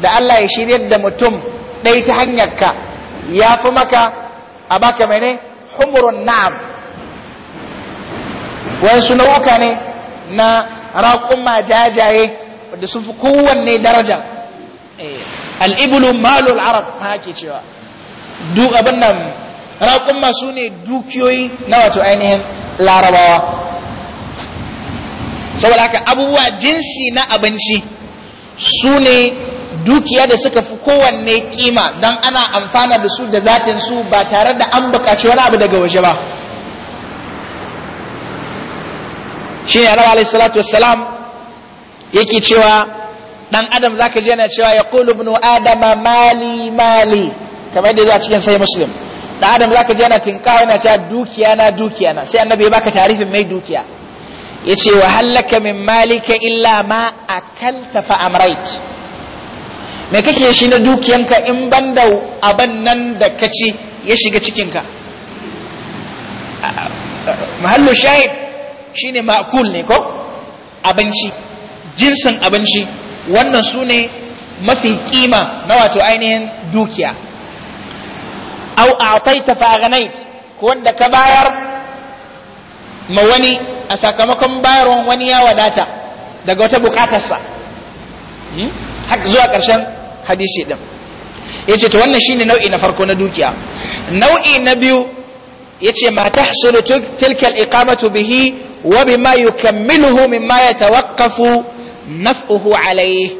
da Allah ya shiryar da mutum ɗaya ta hanyar ka ya fi maka a baka mene humurun na'am wasu nau'uka ne na ma jajaye da sun fi kowanne daraja eh, al'ibulu malul arab haka cewa duk abin nan raƙumma su ne dukiyoyi na wato ainihin larabawa saboda haka abubuwa jinsi na abinci su ne dukiya da suka fi kowanne kima don ana amfana da su da zatin su ba tare da an buƙaci wani abu daga waje ba shi ne alaihi salatu wassalam yake cewa dan adam zaka je yana cewa ya kulu ibnu adama mali mali kamar yadda a cikin sai muslim dan adam zaka je yana tinkawa yana cewa dukiya na dukiya na sai annabi ya baka tarifin mai dukiya yace wa hallaka min malika illa ma akalta fa amrait me kake shi na dukiyanka in banda aban nan da kaci ya shiga cikinka mahallu shahid shine ma'kul ne ko abinci jinsin abinci wannan sune mafi kima na wato ainihin dukiya au a'taita fa ko wanda ka bayar ma wani a sakamakon bayarwan wani ya wadata daga wata bukatarsa hmm? zuwa ƙarshen hadisi ɗin ya ce to wannan shine nau'i na farko na dukiya nau'i na biyu ya ce ma ta hasulu tilkal iqamatu bihi wa bima yukammiluhu mimma yatawaqqafu naf'uhu alayhi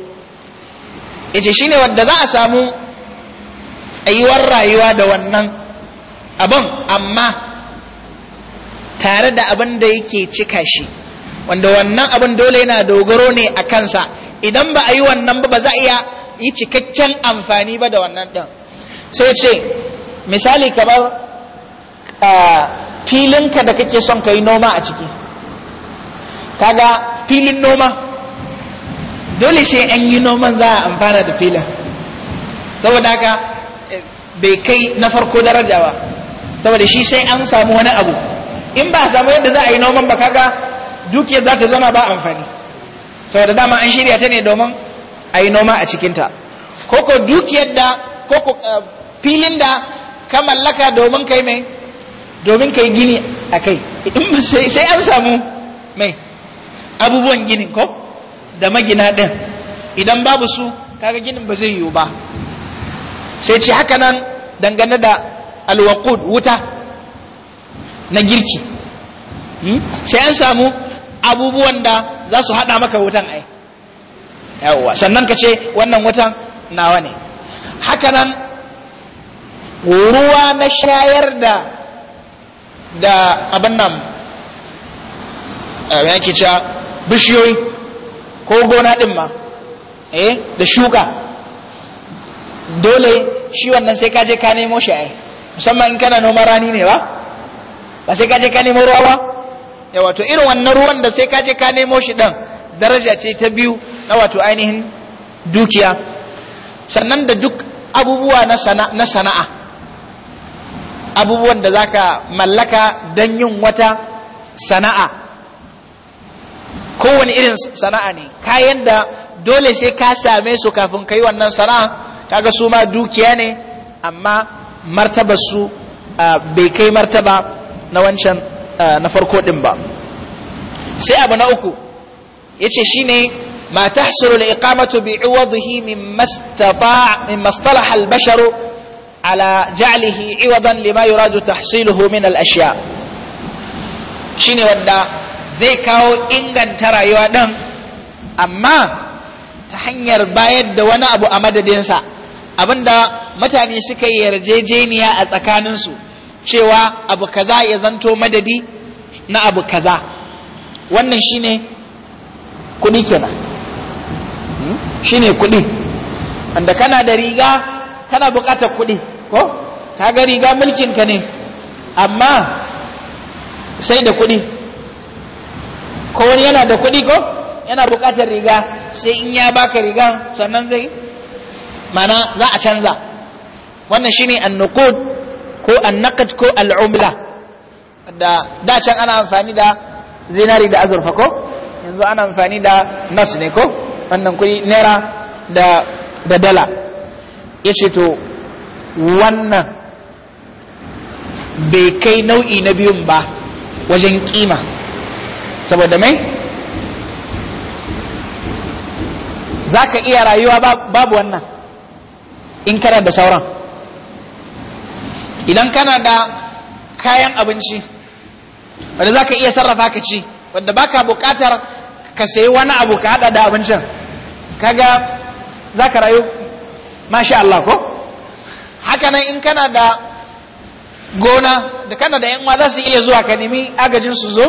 ya ce shine wanda za a samu tsayuwar rayuwa da wannan abin amma tare da abin da yake cika shi wanda wannan abin dole yana dogaro ne a kansa idan ba a yi wannan ba ba za a iya yi cikakken amfani ba da wannan ɗin sai ce misali kamar filinka da kake son ka yi noma a ciki kaga filin noma dole shi an yi noman za a amfana da filin saboda haka eh, bai kai na farko daraja ba saboda shi sai an samu wani abu in ba a samu yadda za a yi noman ba kaga dukiyar za ta zama ba amfani da dama an shirya ta ne domin a yi noma a cikinta koko dukiyar da koko eh, filin da ka mallaka domin kai mai domin kai gini a kai sai an samu mai abubuwan ginin ko da magina ɗin idan babu su kaga ginin ba zai yiwu ba sai ce haka nan dangane da alwakud wuta na girki Hmm? sai an samu abubuwan da za su haɗa maka wutan ai yawwa sannan ka ce wannan wutan nawa ne haka nan ruwa na shayar da da abin nan yake eh, cewa bishiyoyi ko gona ɗin ma eh da shuka dole shi wannan sai ka je ka nemo shi musamman in kana noman rani ne ba ba sai ka je ka nemo ruwa ba ya eh, wato irin wannan ruwan da sai ka je ka nemo shi ɗan daraja ce ta biyu na wato ainihin dukiya sannan da duk abubuwa na sana'a abubuwan da zaka mallaka don yin wata sana'a kowane irin sana'a ne kayan da dole sai ka same su kafin ka yi wannan sana'a kaga su ma dukiya ne amma martabar su ah, bai kai martaba na wancan na farko din ba sai abu na uku yace shine ma tahsulu al-iqamatu bi'iwadhihi mimma istata mimma istalaha al-basharu ala ja'lihi iwadan lima yuradu tahsiluhu min al Shi shine wanda zai kawo inganta rayuwa din amma ta hanyar bayar da wani abu a madadinsa abinda mutane suka yarjejeniya a tsakaninsu cewa abu kaza ya zanto madadi na abu kaza wannan shine kudi kenan hmm? shine kudi wanda kana da riga kana bukatar kudi ko kaga riga mulkin ka ne amma sai da kudi ko wani yana da kudi ko yana bukatar riga sai in ya baka riga sannan zai mana za a canza wannan shine annuqud ko annakat ko al'umla da can ana amfani da zinari da azurfa ko yanzu ana amfani da nas ne ko wannan kuɗi naira da da dala yace to wannan bai kai nau'i na biyun ba wajen kima saboda mai za ka iya rayuwa babu wannan in kana da sauran idan kana da kayan abinci wanda za ka iya sarrafa ka ci wanda ka bukatar ka sayi wani abu ka hada da abincin kaga za ka rayu mashi Allah ko hakanan in kana da gona da kana da yanwa za su iya zuwa ka nemi agajin su zo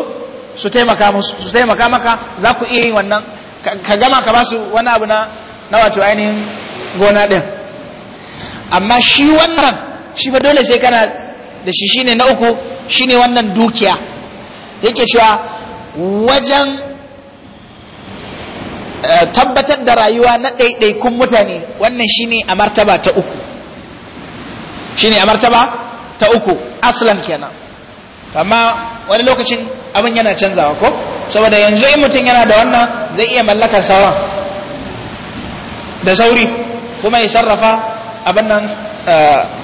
su taimaka musu su taimaka maka za ku iya yin wannan ka gama ka ba su wani abu na wato ainihin gona din amma shi wannan shi fa dole sai kana da shi shine na uku shine wannan dukiya yake cewa wajen eh, tabbatar da rayuwa na ɗaiɗaikun mutane wannan shine a martaba ta uku shine a martaba ta uku aslan kenan amma wani lokacin abin yana canzawa ko saboda yanzu in mutum yana da wannan zai iya mallakar sawan da sauri kuma ya sarrafa abin nan eh,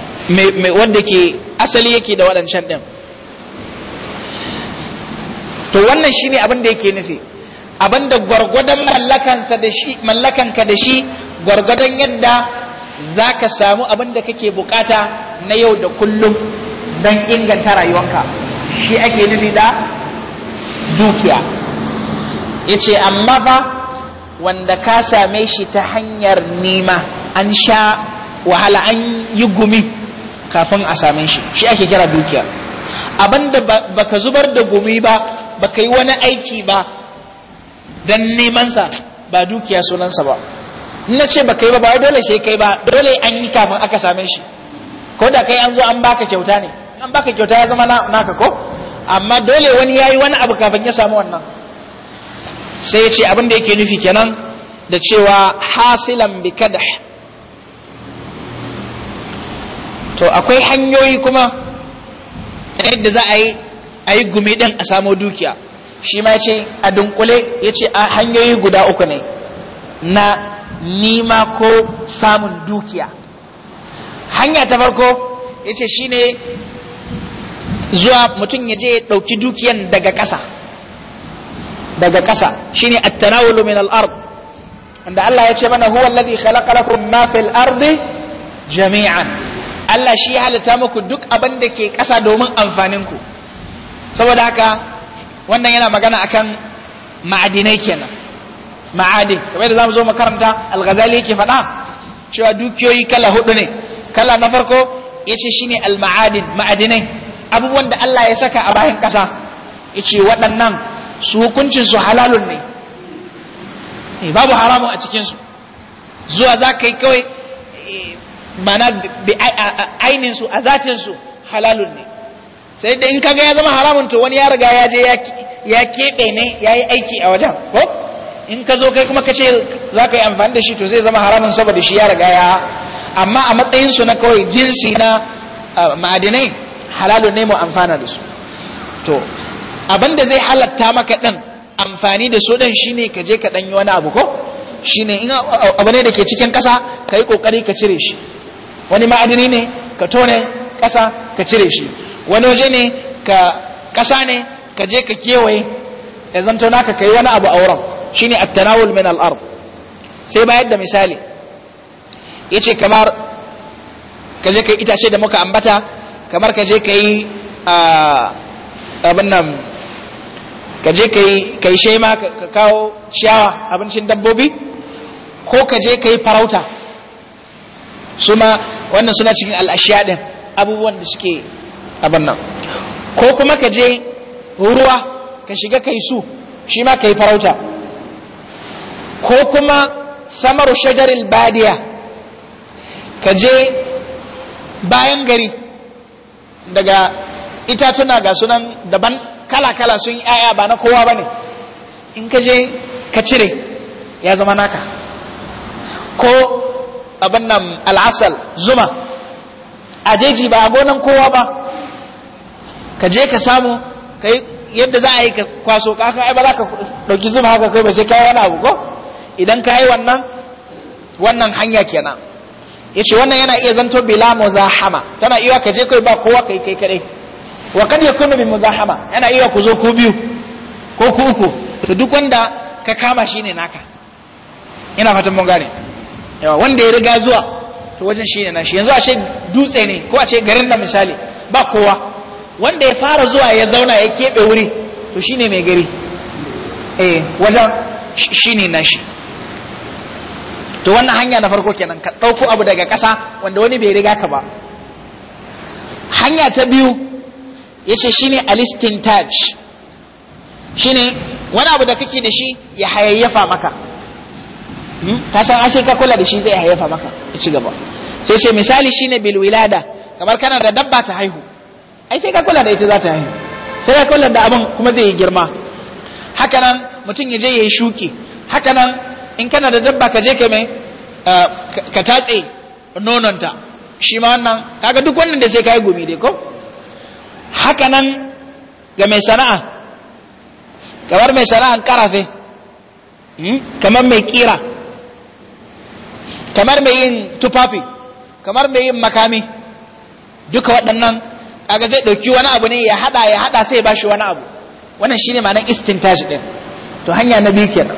wanda ke asali yake da waɗancan ɗin to wannan shine abin da yake nufi abin da gwargwadon da shi mallakanka da shi gwargwadon yadda za ka samu abin da kake bukata na yau da kullum don inganta rayuwanka shi ake nufi da dukiya ya ce amma ba wanda ka same shi ta hanyar nema an sha wahala an yi gumi kafin a same shi shi ake kira dukiya abinda baka zubar da gumi ba baka yi wani aiki ba dan nemansa ba dukiya sunansa ba na ce baka yi ba ba dole sai kai ba dole an yi kafin aka same shi ko da kai an zo an baka kyauta ne an baka kyauta ya zama naka ko amma dole wani yayi wani abu kafin ya samu wannan sai ya ce abin da yake nufi kenan da cewa hasilan bi kadah to akwai hanyoyi kuma yadda za a yi a yi gumi ɗin a samo dukiya shi ma ce a dunkule ya ce a hanyoyi guda uku ne na nima ko samun dukiya hanya ta farko ya ce shi ne zuwa mutum ya je ya ɗauki dukiyan daga ƙasa daga ƙasa shi ne attanawulu min al'ard wanda Allah ya ce mana huwa alladhi khalaqa lakum ma fil ardi jami'an Allah shi ya halitta muku duk abin da ke ƙasa domin amfaninku saboda haka wannan yana magana akan ma'adinai kenan ma'adin kamar da mu zo makaranta al-ghazali yake faɗa cewa dukiyoyi kala hudu ne kala na farko ce shine al-ma'adin ma'adinai abubuwan da Allah ya saka a bayan ƙasa ce waɗannan su hukuncin su halalun ne eh, babu haramun a cikinsu zuwa za ka yi kawai eh, mana ainin su a zatin su halalun ne sai da in kaga ya zama haramun to wani ya riga ya je ya keɓe ne ya yi aiki a wajen ko in ka zo kai kuma ka ce za ka yi amfani da shi to zai zama haramun saboda shi ya riga ya amma a matsayin su na kawai jinsi na ma'adinai halalun ne mu amfana da su to abinda zai halatta maka ɗan amfani da su ɗan shine ka je ka yi wani abu ko shine in abu ne da ke cikin ƙasa ka yi ƙoƙari ka cire shi wani ma'adini ne ka tone ƙasa ka cire shi wani waje ne ka ƙasa ne ka je ka kewaye ya zanto naka kai wani abu a wurin shine at-tanawul min al sai bayar da misali yace kamar ka je kai itace da muka ambata kamar ka je kai abin nan ka je kai shema ka kawo ciyawa abincin dabbobi ko ka je kai farauta su ma wannan suna cikin al'ashiya ɗin abubuwan da suke abin nan ko kuma ka je ruwa ka shiga kai su shi ma ka yi farauta ko kuma samar shajaril badiya ka je bayan gari daga itatuna ga sunan daban kala-kala sun yi ‘ya'ya ba na kowa ba ne in ka je ka cire ya zama naka ko abin nan al'asal zuma a jeji ba a gonan kowa ba ka je ka samu ka yadda za a yi ka kwaso kaka ai ba za ka ɗauki zuma haka kai ba sai kayi wani abu ko idan ka yi wannan wannan hanya kenan ya ce wannan yana iya zanto bila muzahama tana iya ka je kai ba kowa kai kai kaɗai wa kan ya kuma bin muzahama yana iya ku zo ku biyu ko ku uku to duk wanda ka kama shi ne naka ina fatan mun gane yawa wanda ya riga zuwa to wajen shi ne nashi yanzu a ce dutse ne ko a ce garin da misali ba kowa wanda ya fara zuwa ya zauna ya keɓe wuri to shi ne mai gari eh wajen shi ne nashi to wannan hanya na farko kenan ka ɗauko abu daga ƙasa wanda wani bai riga ka ba hanya ta biyu ya ce shi ne alistintaj shi ne wani abu da kake da shi ya hayayyafa maka Hmm? ka san ashe ka kula da shi zai haifa maka ya ci gaba sai ce misali shine bil wilada kamar kana da dabba ta haihu ai sai ka kula da ita za ta haihu sai ka kula da abin kuma zai yi girma haka nan mutum ya je ya yi shuki haka nan in kana da dabba ka je ka mai eh, ka tatse nononta shi ma wannan kaga duk wannan da sai ka yi gumi dai ko haka nan ga mai sana'a kamar mai sana'a karafe hmm? kamar mai kira kamar mai yin tufafi kamar mai yin makami duka waɗannan kaga zai ɗauki wani abu ne ya haɗa ya haɗa sai ya shi wani abu wannan shine ma'anar istintaj din to hanya na biyu kenan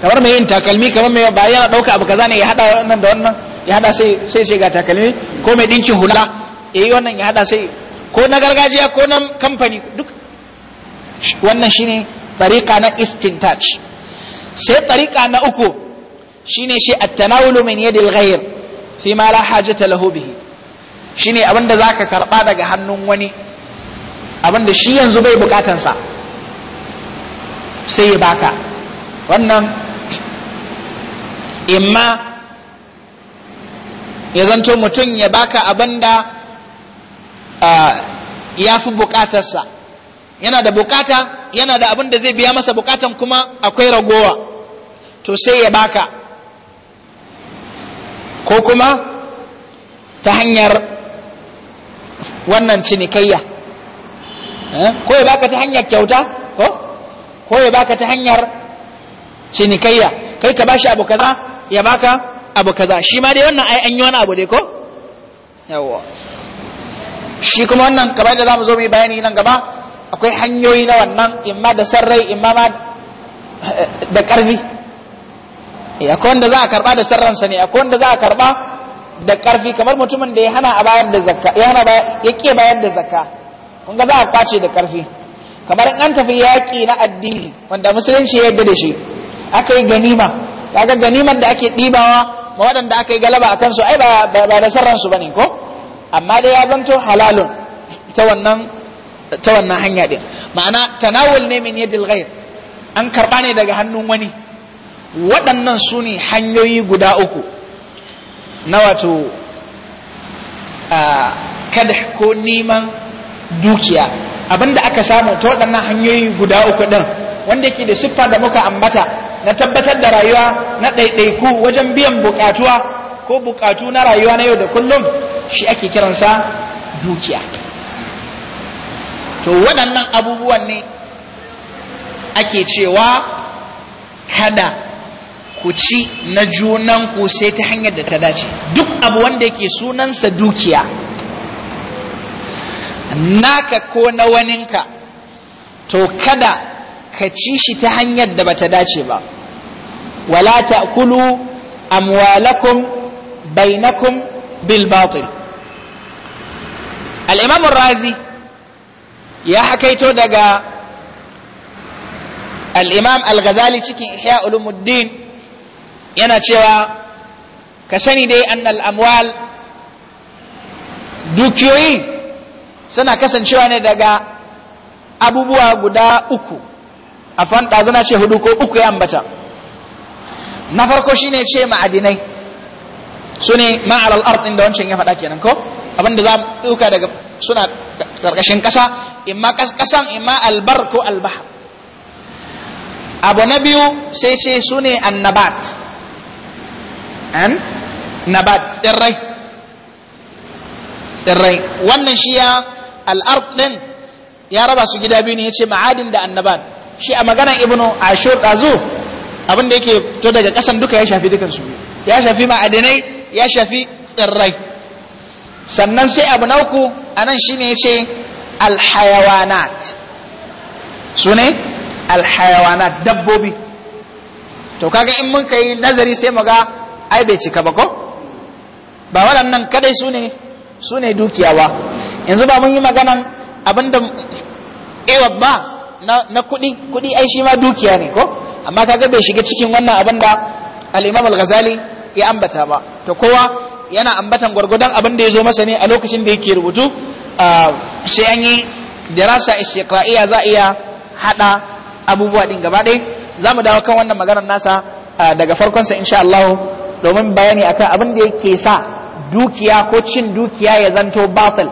kamar mai yin takalmi kamar mai ba yana ɗauka abu kaza ne ya haɗa wannan da wannan ya haɗa sai sai sai ga takalmi ko mai ɗinkin hula ya eh yi wannan ya haɗa sai ko na gargajiya ko na kamfani duk wannan shine tariqa na istintaj sai tariqa na uku shine shi at-tanawulu min yadil ghayr fi ma la hajata lahu bihi shine abinda zaka karba daga hannun wani abinda shi yanzu bai bukatan sa sai ya baka wannan imma ya zanto mutum ya baka abinda ya fi bukatarsa yana da bukata yana da abinda zai biya masa bukatan kuma akwai ragowa to sai ya baka ko kuma ta hanyar wannan cinikayya eh, ko ya baka ta hanyar kyauta ko ko ya baka ta hanyar cinikayya kai ka bashi abu kaza ya baka abu kaza shi ma dai wannan ai an yi wani abu dai ko yawa shi kuma wannan kamar da zamu zo mu yi bayani nan gaba akwai hanyoyi na wannan imma da sarrai imma ma eh, da karfi Eh, akwai wanda za a karba da sarransa ne akwai wanda za a karba da karfi kamar mutumin da ya hana a bayar da zakka ya hana ya ke bayar da zakka kun ga za a kwace da karfi kamar in an tafi yaƙi na addini wanda musulunci ya yarda da shi aka yi ganima kaga ganimar da ake ɗibawa ma waɗanda aka yi galaba a kansu ai ba da sarransu ba ne ko amma dai ya zanto halalun ta wannan ta wannan hanya ɗin ma'ana tanawul ne min yadil ghair an karba ne daga hannun wani waɗannan su ne hanyoyi guda uku na wato kada ko neman dukiya abinda aka samu ta waɗannan hanyoyi guda uku ɗin wanda ke da siffa da muka ambata na tabbatar da rayuwa na ɗaiɗaiku wajen biyan buƙatuwa ko buƙatu na rayuwa na yau da kullum shi ake kiransa dukiya to waɗannan abubuwan ne ake cewa kada ku ci na junanku sai ta hanyar da ta dace duk abu wanda yake sunansa dukiya naka ko na waninka to kada ka ci shi ta hanyar da bata dace ba wala ta'kulu amwalakum bainakum bil batil al-imam razi ya hakaito daga al-imam al-ghazali cikin ihya ulumuddin yana cewa ka sani dai annal amwal dukiyoyi suna kasancewa ne daga abubuwa guda uku a fanta zana ce hudu ko uku ya ambata na farko shine ce ma'adinai su ne ma'aral al'ard da wancan ya faɗa kenan ko abinda za duka daga suna ƙarƙashin ƙasa imma ƙasan imma albar ko albahar abu na biyu sai ce su ne annabat An nabat tsirrai tsirrai wannan shi ya al'arq din ya raba su gida biyu ne yace ma'adin da annabat shi a maganar ibnu ashur dazu abin da yake to daga kasan duka ya shafi dukan su ya shafi ma'adinai ya shafi tsirrai sannan sai abu na uku anan shine yace alhayawanat sune alhayawanat dabbobi to kaga in mun kai nazari sai mu ga ai bai cika ba ko ba waɗannan kadai su ne su ne dukiyawa yanzu ba mun yi maganan abinda ewa eh, ba na kuɗi kuɗi ai shi ma dukiya ne ko amma kaga bai shiga cikin wannan abin da imam al-ghazali ya ambata ba to kowa yana ambatan gwargwadon abin da ya zo masa ne a lokacin da yake rubutu sai an yi dirasa istiqra'iya za a iya hada abubuwa din gaba ɗaya za mu dawo kan wannan maganar nasa daga farkonsa insha Allah domin bayani akan abin da yake sa dukiya ko cin dukiya ya zanto batil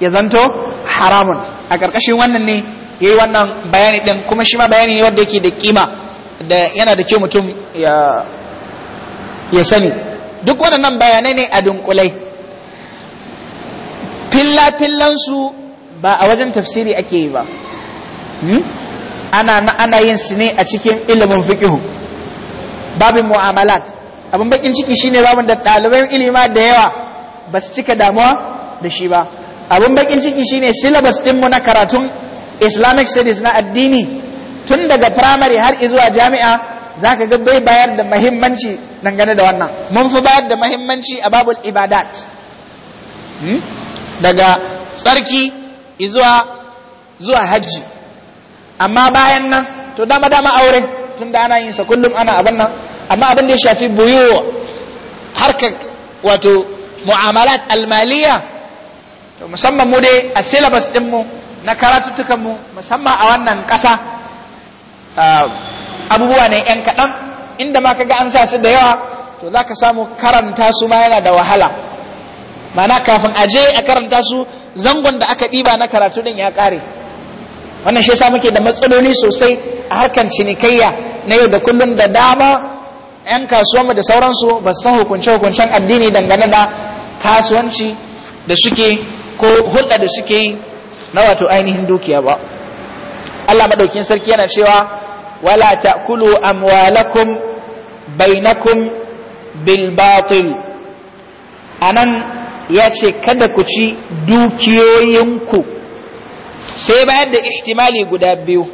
ya zanto haramun a ƙarƙashin wannan ne yayi wannan bayani ɗin kuma shi ma bayani ne wanda yake da kima da yana da kyau mutum ya sani duk waɗannan bayanai ne a dunkulai filla fillan su ba a wajen tafsiri ake yi ba hmm? ana ana yin su ne a cikin ilimin fiqh babin mu'amalat abin bakin ciki shine babin da ɗaliban ilima da yawa ba su cika damuwa da shi ba abin bakin ciki shine syllabus mu na karatun islamic studies na addini tun daga primary har zuwa jami'a zaka ga bai bayar da muhimmanci dangane da wannan mun fi bayar da muhimmanci a babul ibadat hmm? daga tsarki zuwa zuwa hajji amma bayan nan to dama dama aure tun da ana yin sa kullum ana abin nan amma abin da ya shafi boyo harka wato mu'amalat almaliya to musamman mu dai a syllabus mu na mu musamman a wannan ƙasa abubuwa ne 'yan kaɗan inda ma ga an sa su da yawa to za ka samu karanta su ma yana da wahala mana kafin aje a karanta su zangon da aka ɗiba na karatu ɗin ya ƙare wannan shi yasa muke da matsaloli sosai a harkan cinikayya na yau da kullum da dama 'yan kasuwanmu da sauransu ba su san hukunce-hukuncen addini dangane da kasuwanci da suke ko hulɗa da suke yi na wato ainihin dukiya ba Allah maɗaukin sarki yana cewa wala ta'kulu amwalakum bainakum bil batil anan ya ce kada ku ci dukiyoyinku sai bayar da ihtimali guda biyu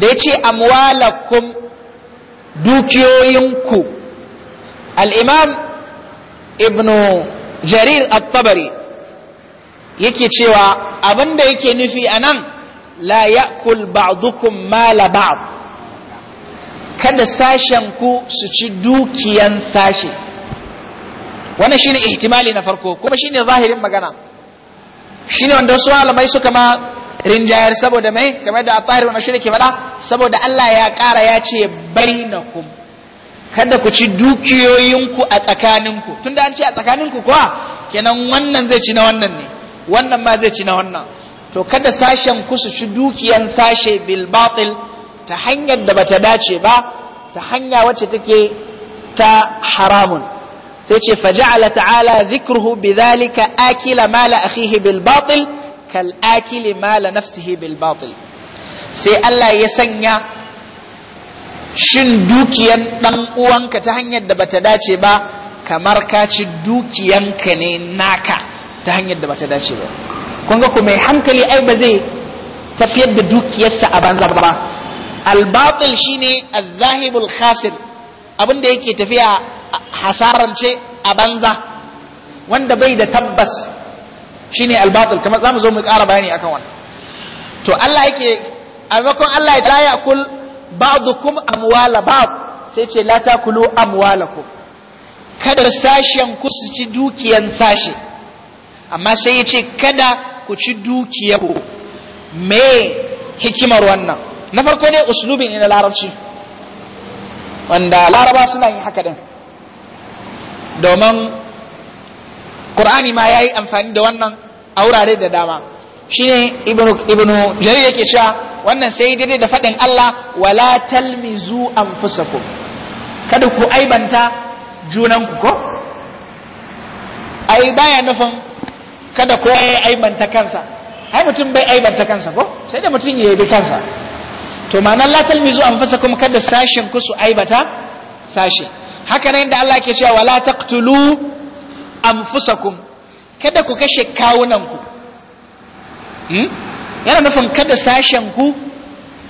da ya ce amwalakum dukiyoyinku al'imam ibn jarir at-tabari yake cewa abinda yake nufi a nan la ya'kul ba'dukum mala ba'd kada sashenku su ci dukiyan sashe wannan shine ihtimali na farko kuma shine zahirin magana shine wanda wasu alamai suka ma rinjayar saboda mai kamar da atahir wa mashirki fada saboda Allah ya ƙara ya ce bainakum kada ku ci dukiyoyinku a tsakaninku tunda an ce a tsakaninku kuwa kenan wannan zai ci na wannan ne wannan ma zai ci na wannan to kada sashen ku su ci dukiyan sashe bil batil ta hanyar da bata dace ba ta hanya wacce take ta haramun sai ce faja'ala ta'ala zikruhu bidhalika akila mala akhihi bil batil kal akili mala nafsihi bil batil sai Allah ya sanya shin dukiyan ɗan uwanka ta hanyar da bata dace ba kamar ka ci dukiyanka ne naka ta hanyar da bata dace ba kun ga mai hankali ai ba zai tafiyar da dukiyarsa a banza ba al shine az khasir abin da yake tafiya hasarance a banza wanda bai da tabbas shine albatul kamar zamu zo mu ƙara bayani akan wannan to Allah yake aimakon Allah ya ce ya kul ba'dukum amwala ba'd sai ce la takulu amwalakum kada sashen ku su ci dukiyan sashe amma sai ya ce kada ku ci dukiyar ku me hikimar wannan na farko dai uslubin ne na larabci wanda laraba suna yin haka din domin Qur'ani ma yayi amfani da wannan a wurare da dama shine ibnu ibnu ya yake cewa wannan sai daidai da fadin Allah wala talmizu anfusakum kada ku aibanta junanku ko ai baya nufin kada ko ya aibanta kansa ai mutum bai aibanta kansa ko sai da mutum ya yabi kansa to ma'anar la talmizu kuma kada sashen ku su aibata sashe, haka nan da Allah ke cewa wala taqtulu anfusakum kada ku kashe kawunanku hmm? yana nufin kada sashenku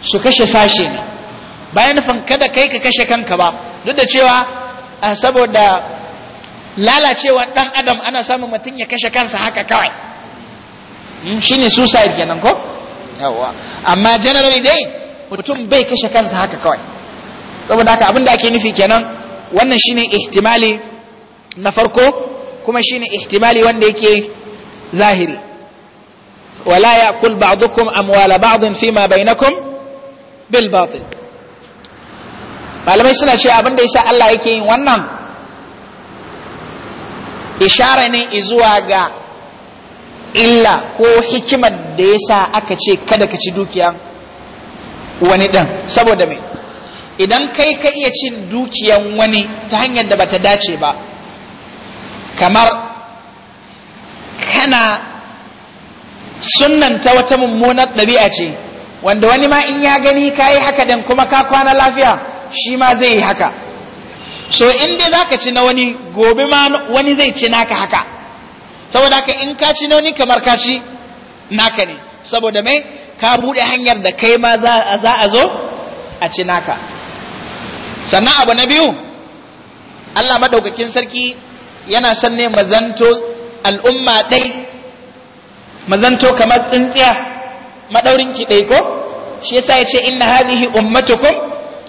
su kashe sashe ne bayan nufin kada kai ka kashe kanka ba duk da cewa saboda lalacewa dan adam ana samun mutum ya kashe kansa haka kawai hmm? shi ne suicide kenan ko yawa amma generally dai mutum bai kashe kansa haka kawai saboda haka abinda ake nufi kenan wannan shine ihtimali na farko kuma shine ihtimali wanda yake zahiri wala ya'kul ba'dukum amwala ba'din fima bainakum bil batil malamai suna cewa abin da yasa Allah yake yin wannan ishara ne izuwa ga illa ko hikimar da yasa aka ce kada ka ci dukiyan wani dan saboda me idan kai ka iya cin dukiyan wani ta hanyar da bata dace ba kamar kana sunnanta wata mummunar ɗabi'a ce wanda wani ma in ya gani ka yi haka dan kuma ka kwana lafiya shi ma zai yi haka so in dai za ka ci na wani gobe ma wani zai ci naka haka saboda haka in ka ci na wani kamar ka ci naka ne saboda mai ka buɗe hanyar da kai ma za a zo a ci naka sannan abu na biyu Allah maɗaukakin sarki yana son ne mazanto al'umma ɗai mazanto kamar tsintsiya maɗaurin ɗai ko shi yasa ya ce inna hadhihi ummatukum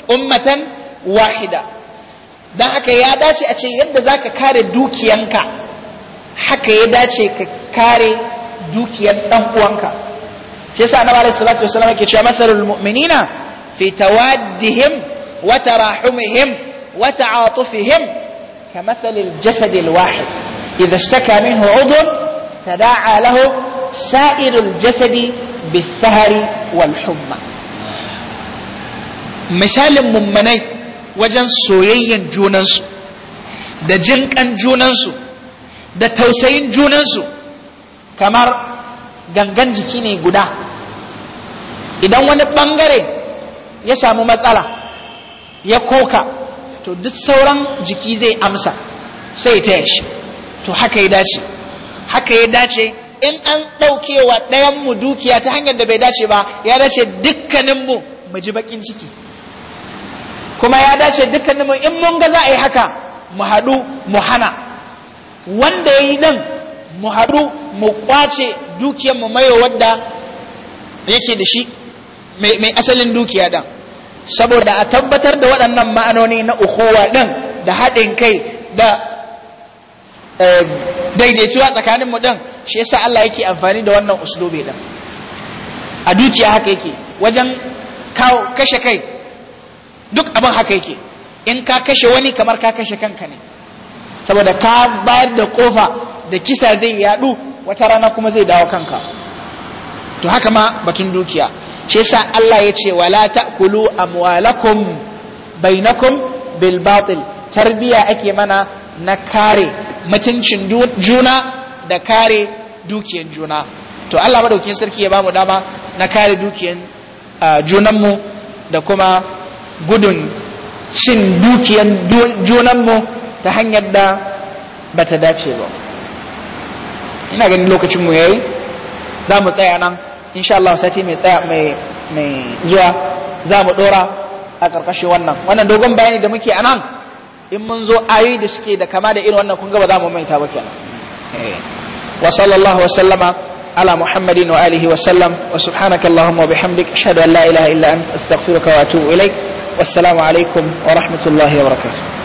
ummatan wahida dan haka ya dace a ce yadda ka kare dukiyanka haka ya dace ka kare dukiyan ɗan uwanka shi yasa annabi alaihi salatu wasallam yake cewa masalul mu'minina fi tawaddihim wa tarahumihim wa ta'atufihim كمثل الجسد الواحد إذا اشتكى منه عضو تداعى له سائر الجسد بالسهر والحمى مثال ممني وجن سويا جوننسو دا جنك جوننسو دا توسين جوننسو كمر جنجن جكيني قدا إذا ونبنغري يسامو مثلا يكوكا to duk sauran jiki zai amsa sai ta yashi to haka ya dace haka ya dace in an ɗaukewa ɗayan mu dukiya ta hanyar da bai dace ba ya dace dukkanin mu ji bakin ciki kuma ya dace dukkanin in mun ga za a yi haka mu haɗu mu hana wanda ya yi nan mu haɗu mu kwace dukiyar mu mayo wadda yake da shi mai asalin dukiya ɗan saboda a tabbatar da waɗannan ma'anoni na ukowa ɗin da haɗin kai da eh, daidaituwa tsakanin mu ɗin shi yasa Allah yake amfani da wannan uslubi ɗin a dukiya haka yake wajen kawo kashe kai duk abin haka yake in ka kashe wani kamar ka kashe kanka ne saboda ka bayar da kofa da kisa zai yaɗu wata rana kuma zai dawo kanka to haka ma batun dukiya shi yasa Allah ya ce wala ta'kulu amwalakum bainakum bil batil tarbiya ake mana na kare mutuncin juna da kare dukiyan juna to Allah madaukakin sarki ya bamu dama na kare dukiyan junanmu da kuma gudun cin dukiyan junanmu ta hanyar da bata dace ba ina ganin lokacin lokacinmu yayi za mu tsaya nan insha Allah sati mai tsaya mai mai zuwa za mu dora a karkashin wannan wannan dogon bayani da muke anan in mun zo ayoyi da suke da kama da irin wannan kun ga ba za mu maita ba kenan eh. wa sallallahu wa sallama ala muhammadin wa alihi wa sallam wa subhanaka allahumma wa bihamdik ashhadu an la ilaha illa anta astaghfiruka wa atubu ilaik wassalamu alaikum wa rahmatullahi wa barakatuh